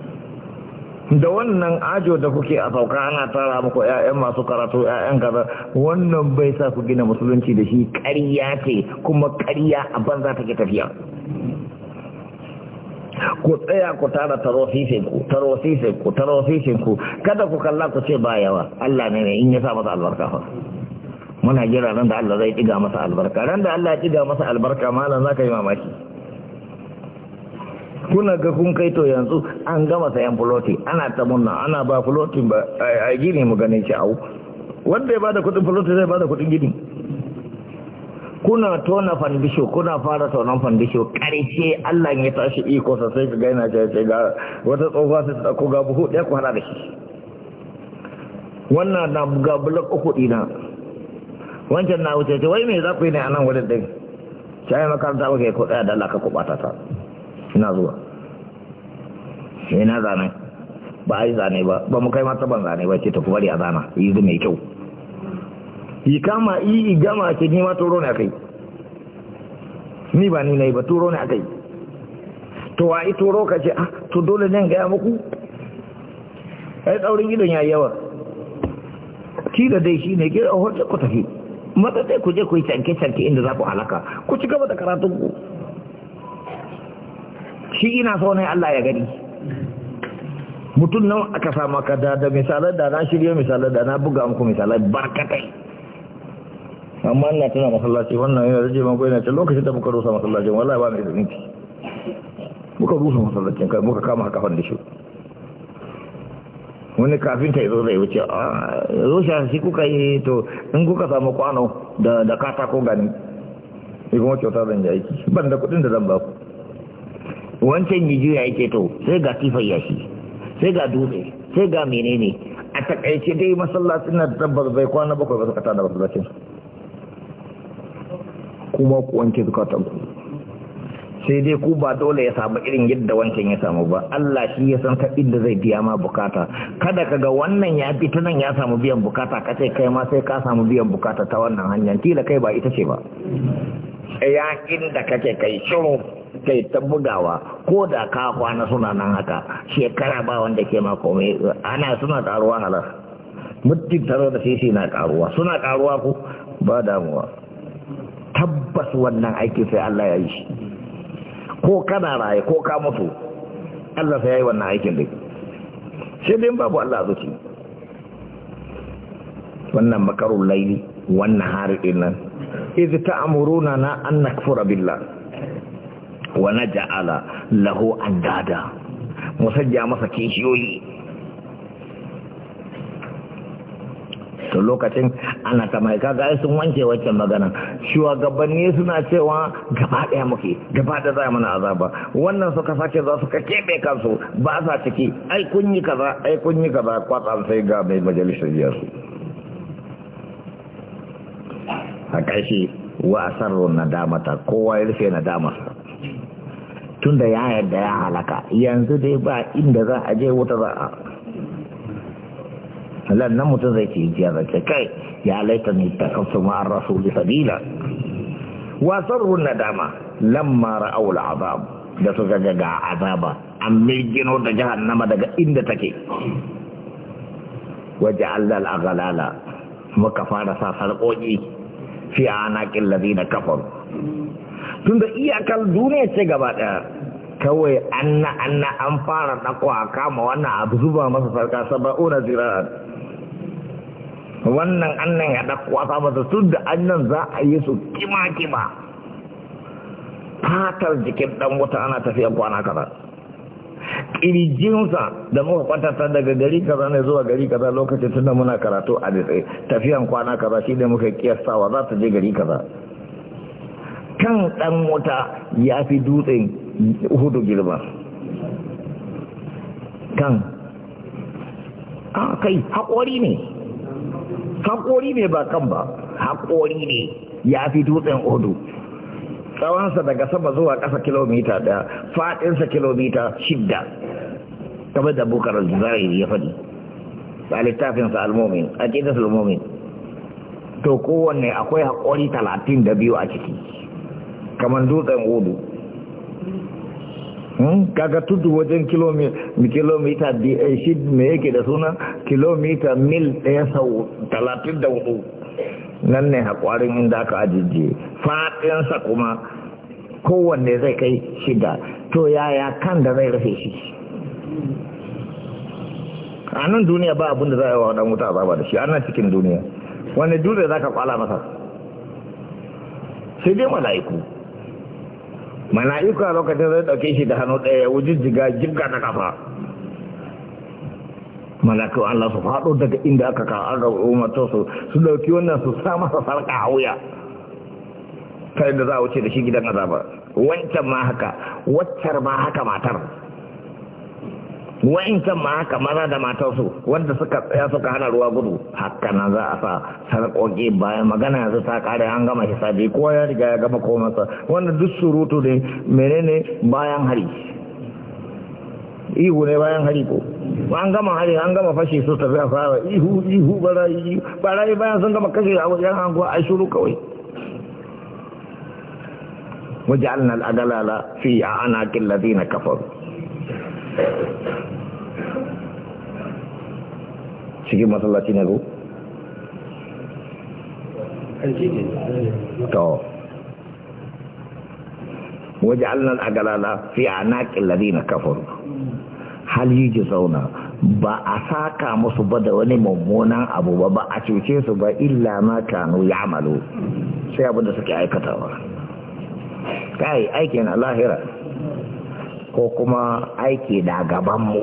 da wannan ajo da kuke a sauka ana tara muku ƴaƴan masu karatu ƴaƴan kaza wannan bai sa ku gina musulunci da shi ƙarya ce kuma ƙarya a banza take tafiya ku tsaya ku tara tarosishin ku ku ku kada ku kalla ku ce ba yawa Allah ne in ya sa masa albarka fa muna jira nan da Allah zai diga masa albarka ran da Allah ya diga masa albarka malam zaka yi mamaki kuna ga kun kai to yanzu an gama sayan fuloti ana ta munna ana ba fuloti a gini mu ganin shi au wanda ya bada kudin fuloti zai bada kudin gini kuna tona fandisho kuna fara tonon fandisho karshe Allah ya tashi iko sa sai ka gaina ce sai ga wata tsofa sai ta ko ga buhu ɗaya ku hada da shi wannan na ga bulak uku dina wancan na wuce ce wai me za ku yi ne a nan wurin din sai makaranta ba kai ko da Allah ka kubata ta ina zuwa ina zane. ba a yi zane ba ba mu kai ban zane ba ce ta kuma a zana yi zu mai kyau yi kama yi gama ce ni ma turo ne akai ni ba ni na yi ba turo ne akai to wa yi turo ka ce ah to dole ne gaya muku ai tsaurin gidan ya yawa da dai shi ne gira a hotel ku tafi mata ku je ku yi canke-canke inda za ku halaka ku ci gaba da karatun ku shi ina so ne Allah ya gani mutum nan aka samu ka da da misalai da na shirya misalai da na buga muku misalai barkatai amma ina tana masallaci wannan yana rage man kwaina ce lokacin da muka rusa masallacin wallahi ba mai zumunci muka rusa masallacin kai muka kama kafan da shi wani kafin ta zo zai wuce a ah, rusha shi kuka yi to in kuka samu kwano da katako gani ni kuma kyauta zan ji aiki ban da kudin da zan ba ku wancan ya yake to sai ga kifar yashi sai ga dutse sai ga menene a takaice dai masallaci na dabbar bai kwana bakwai ba su kata da masallacin kuma ku wanke zukatan ku sai dai ku ba dole ya samu irin yadda wancan ya samu ba Allah shi ya san ta inda zai biya ma bukata kada ka ga wannan ya fi ta nan ya samu biyan bukata ka ce kai ma sai ka samu biyan bukata ta wannan hanyar kila kai ba ita ce ba ya inda kake kai shiru kai ta bugawa ko da ka kwana suna nan haka shekara ba wanda ke ma komai ana suna karuwa halar muddin taro da sisi na karuwa suna karuwa ko ba damuwa tabbas wannan aiki sai Allah ya yi shi ko kana raye ko ka mutu Allah sai ya yi wannan aikin dai sai dai babu Allah zuci wannan makarun laili wannan hari din nan iz ta'muruna na an nakfura billah wa laho lahu dada musajja masa kishiyoyi to lokacin ana ta mai kaga sun wanke waccan magana shugabanni suna cewa gaba daya muke gaba da zai mana azaba wannan suka sake za su kebe kansu ba sa ciki ai kun yi kaza ai kun yi kaza kwatsam sai ga mai majalisar jiyasu a ƙarshe wa asarun nadamata kowa ya rufe nadamata tun da ya yadda ya halaka yanzu dai ba inda za a je wuta za a mutum zai ke jiya da ke kai ya laita ne ta kafin ma'ar rasuli sabila wasan runa dama lamma ra'au azab da su ga ga azaba an milgino da jahannama daga inda take waje Allah galala muka fara sa sarƙoƙi fi a anaƙin da kafaru tunda iyakar duniya ce gaba ɗaya kawai anna anna an fara dako a kama wannan abu zuba masa sarka saba'una zira'an wannan annan ya dako a masa tun da annan za a yi su kima kima fatar jikin ɗan wata ana tafiya kwana kaza kirjinsa da muka kwatanta daga gari kaza ne zuwa gari kaza lokacin tunda muna karatu a tafiyan kwana kaza shi ne muka kiyasawa za ta je gari kaza kan ɗan wuta ya fi dutsen hudu girma kan a kai haƙori ne haƙori ne ba kan ba haƙori ne ya fi dutsen hudu tsawonsa daga sama zuwa ƙasa kilomita ɗaya faɗinsa kilomita shidda kamar da bukar zarai ya faɗi a littafinsa almomin a ƙidas almomin to kowanne akwai haƙori talatin da biyu a ciki kamar dutsen hudu hmm? kaga tudu wajen kilomita eh, shi me yake da suna kilomita mil ɗaya sau talatin da hudu nan ne haƙwarin inda aka ajiye faɗinsa kuma kowanne zai kai shida to yaya kan da zai rufe shi a nan duniya ba abin da za a yi wa ɗan wuta azaba da shi a nan cikin duniya wani dutse za ka kwala masa sai dai mala'iku mala'ika lokacin zai ɗauke shi da hannu ɗaya ya jiga jibga na kafa mala'iku Allah su faɗo daga inda aka ka an rabu su su ɗauki wannan su sa masa sarƙa a wuya kai da za a wuce da shi gidan azaba wancan ma haka waccar ma haka matar wa'in kan ma haka maza da matarsu wanda suka tsaya suka hana ruwa gudu haka na za a sa sarƙoƙi bayan magana yanzu ta ƙare an gama hisabi ko ya riga ya gama sa wanda duk surutu ne menene bayan hari ihu ne bayan hari ko an gama hari an gama fashe su ta a fara ihu ihu barayi barayi bayan sun gama kashe a wajen anguwa a shuru kawai wajen al'adalala fi a anakin lazina kafaru cikin masallaci na zo? to وجعلنا الأغلال na أعناق الذين كفروا هل يجزون ba a saka musu ba da wani mummunan abu ba ba a cuce su ba illa ma kanu ya amalo sai abinda suke aikatawa kai aikin alahira ko kuma aiki da mu.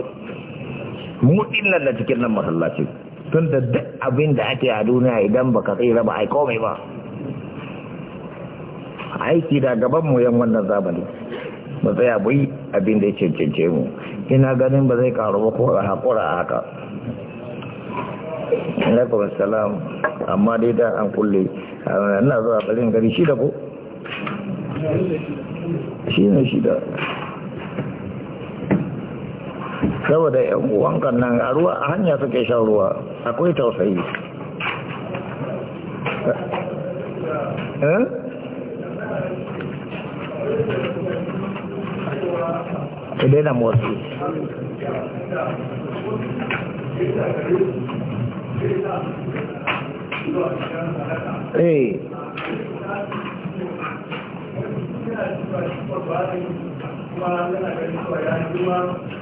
mudin nan da cikin nan masallaci tun da duk abin da ake a duniya idan baka tsira ba ai komai ba aiki da gaban mu yan wannan zamani ba zai bai abin da ya cancance mu ina ganin ba zai karu ba ko a haƙura a haka alaikum salam amma dai da an kulle na zuwa garin gari shida ko shi ne shida saboda yan uwanka nan a ruwa a hanya suke shan ruwa akwai tausayi eh? ku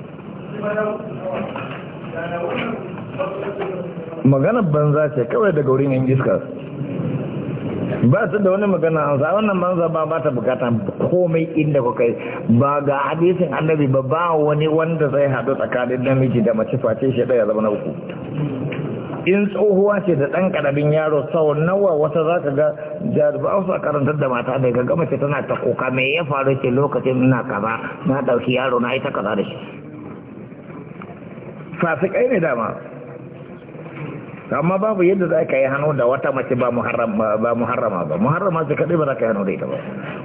maganar banza ce kawai daga wurin yan iska ba su da wani magana an sa wannan banza ba ba ta bukata komai inda ku kai ba ga hadisin annabi ba ba wani wanda zai haɗu tsakanin namiji da mace face shi ɗaya zama na uku in tsohuwa ce da ɗan ƙaramin yaro sau nawa wata za ka ga jarubawa su a karantar da mata da ga ce tana ta kuka mai ya faru ce lokacin ina kaza na ɗauki yaro na ita kaza da shi fasikai ne dama amma babu yadda za ka yi hannu da wata mace ba muharrama ba muharrama su kaɗai ba za ka yi hannu da ita ba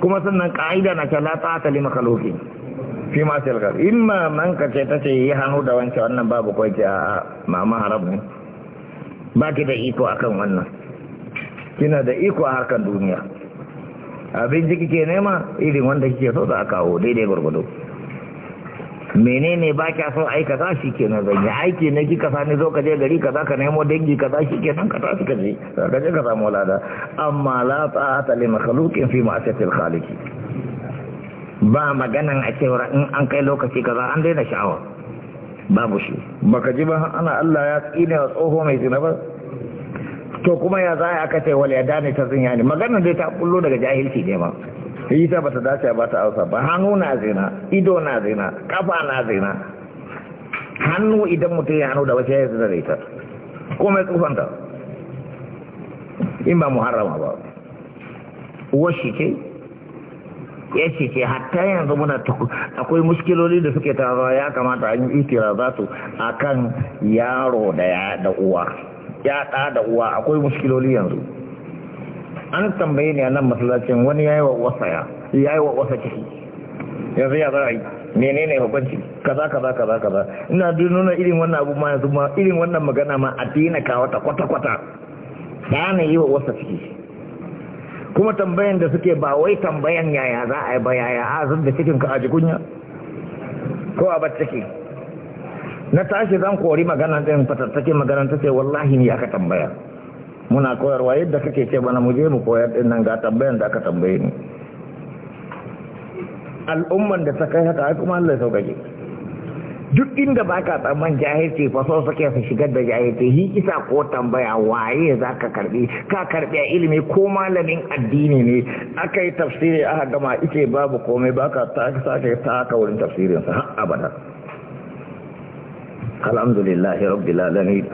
kuma sannan ƙa'ida na ta lata ta lima kalofi fi masu yalgar in ma man ka ce ta ce yi hannu da wancan wannan babu kwai ce a ma haram ne ba ki da iko akan wannan kina da iko a harkar duniya abinci kike nema irin wanda kike so za a kawo daidai gwargwado menene ba kya so aika kaza shi kenan zan yi aiki na ji kaza ne zo ka je gari kaza ka nemo dangi kaza shi kenan ka tafi ka je ka je ka samu lada amma la ta'ata li makhluqin fi ma'asiyati al-khaliq ba maganan a cewa in an kai lokaci kaza an daina sha'awa babu shi baka ji ba ana Allah ya tsine wa tsoho mai zina ba to kuma ya za a aka ce wal yadani ta zinya ne maganar dai ta bullo daga jahilci ne ba. ba ta dace ba ta ausa ba hannu na zina ido na zina kafa na zina hannu idan mutum ya hannu da wasu ya zina da ita mai tsufanta in ba muharrama ba washi ke ya ce ke hatta yanzu muna akwai muskiloli da suke tarawa ya kamata an yi itira za su a kan yaro da ya da uwa ya da uwa akwai muskiloli yanzu an tambaye ne a nan masallacin wani ya yi wa wasaya ya yi wa wasa ciki yanzu ya za a yi menene hukunci kaza kaza kaza kaza ina nuna irin wannan abu ma yanzu ma irin wannan magana ma a dina ka wata kwata kwata da na yi wa wasa ciki kuma tambayan da suke ba wai tambayan yaya za a yi ba yaya a zan da cikin ka a jikunya ko a bar ciki na tashi zan kori maganan din fatattake magana ta ce wallahi ni aka tambaya muna koyarwa yadda kake ce bana muje je mu koyar din nan ga tambayan da aka tambaye ni al'umman da ta kai haka ai kuma Allah ya sauƙaƙe duk inda baka tsaman jahilci fa so sake su shigar da jahilci hi kisa ko tambaya waye zaka karbi ka karbi ilimi ko malamin addini ne aka yi tafsiri aka gama ike, babu komai baka ta sake ta haka wurin tafsirin sa har abada الحمد لله رب العالمين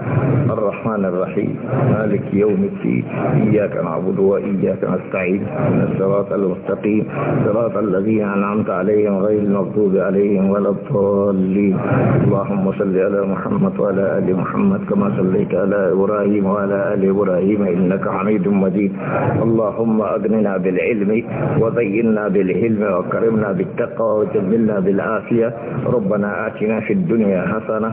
الرحمن الرحيم مالك يوم الدين إياك نعبد وإياك نستعين من الصراط المستقيم صراط الذين أنعمت عليهم غير المغضوب عليهم ولا الضالين اللهم صل على محمد وعلى آل محمد كما صليت على إبراهيم وعلى آل إبراهيم إنك حميد مجيد اللهم أغننا بالعلم وزينا بالهلم وكرمنا بالتقوى وجملنا بالعافية ربنا آتنا في الدنيا حسنة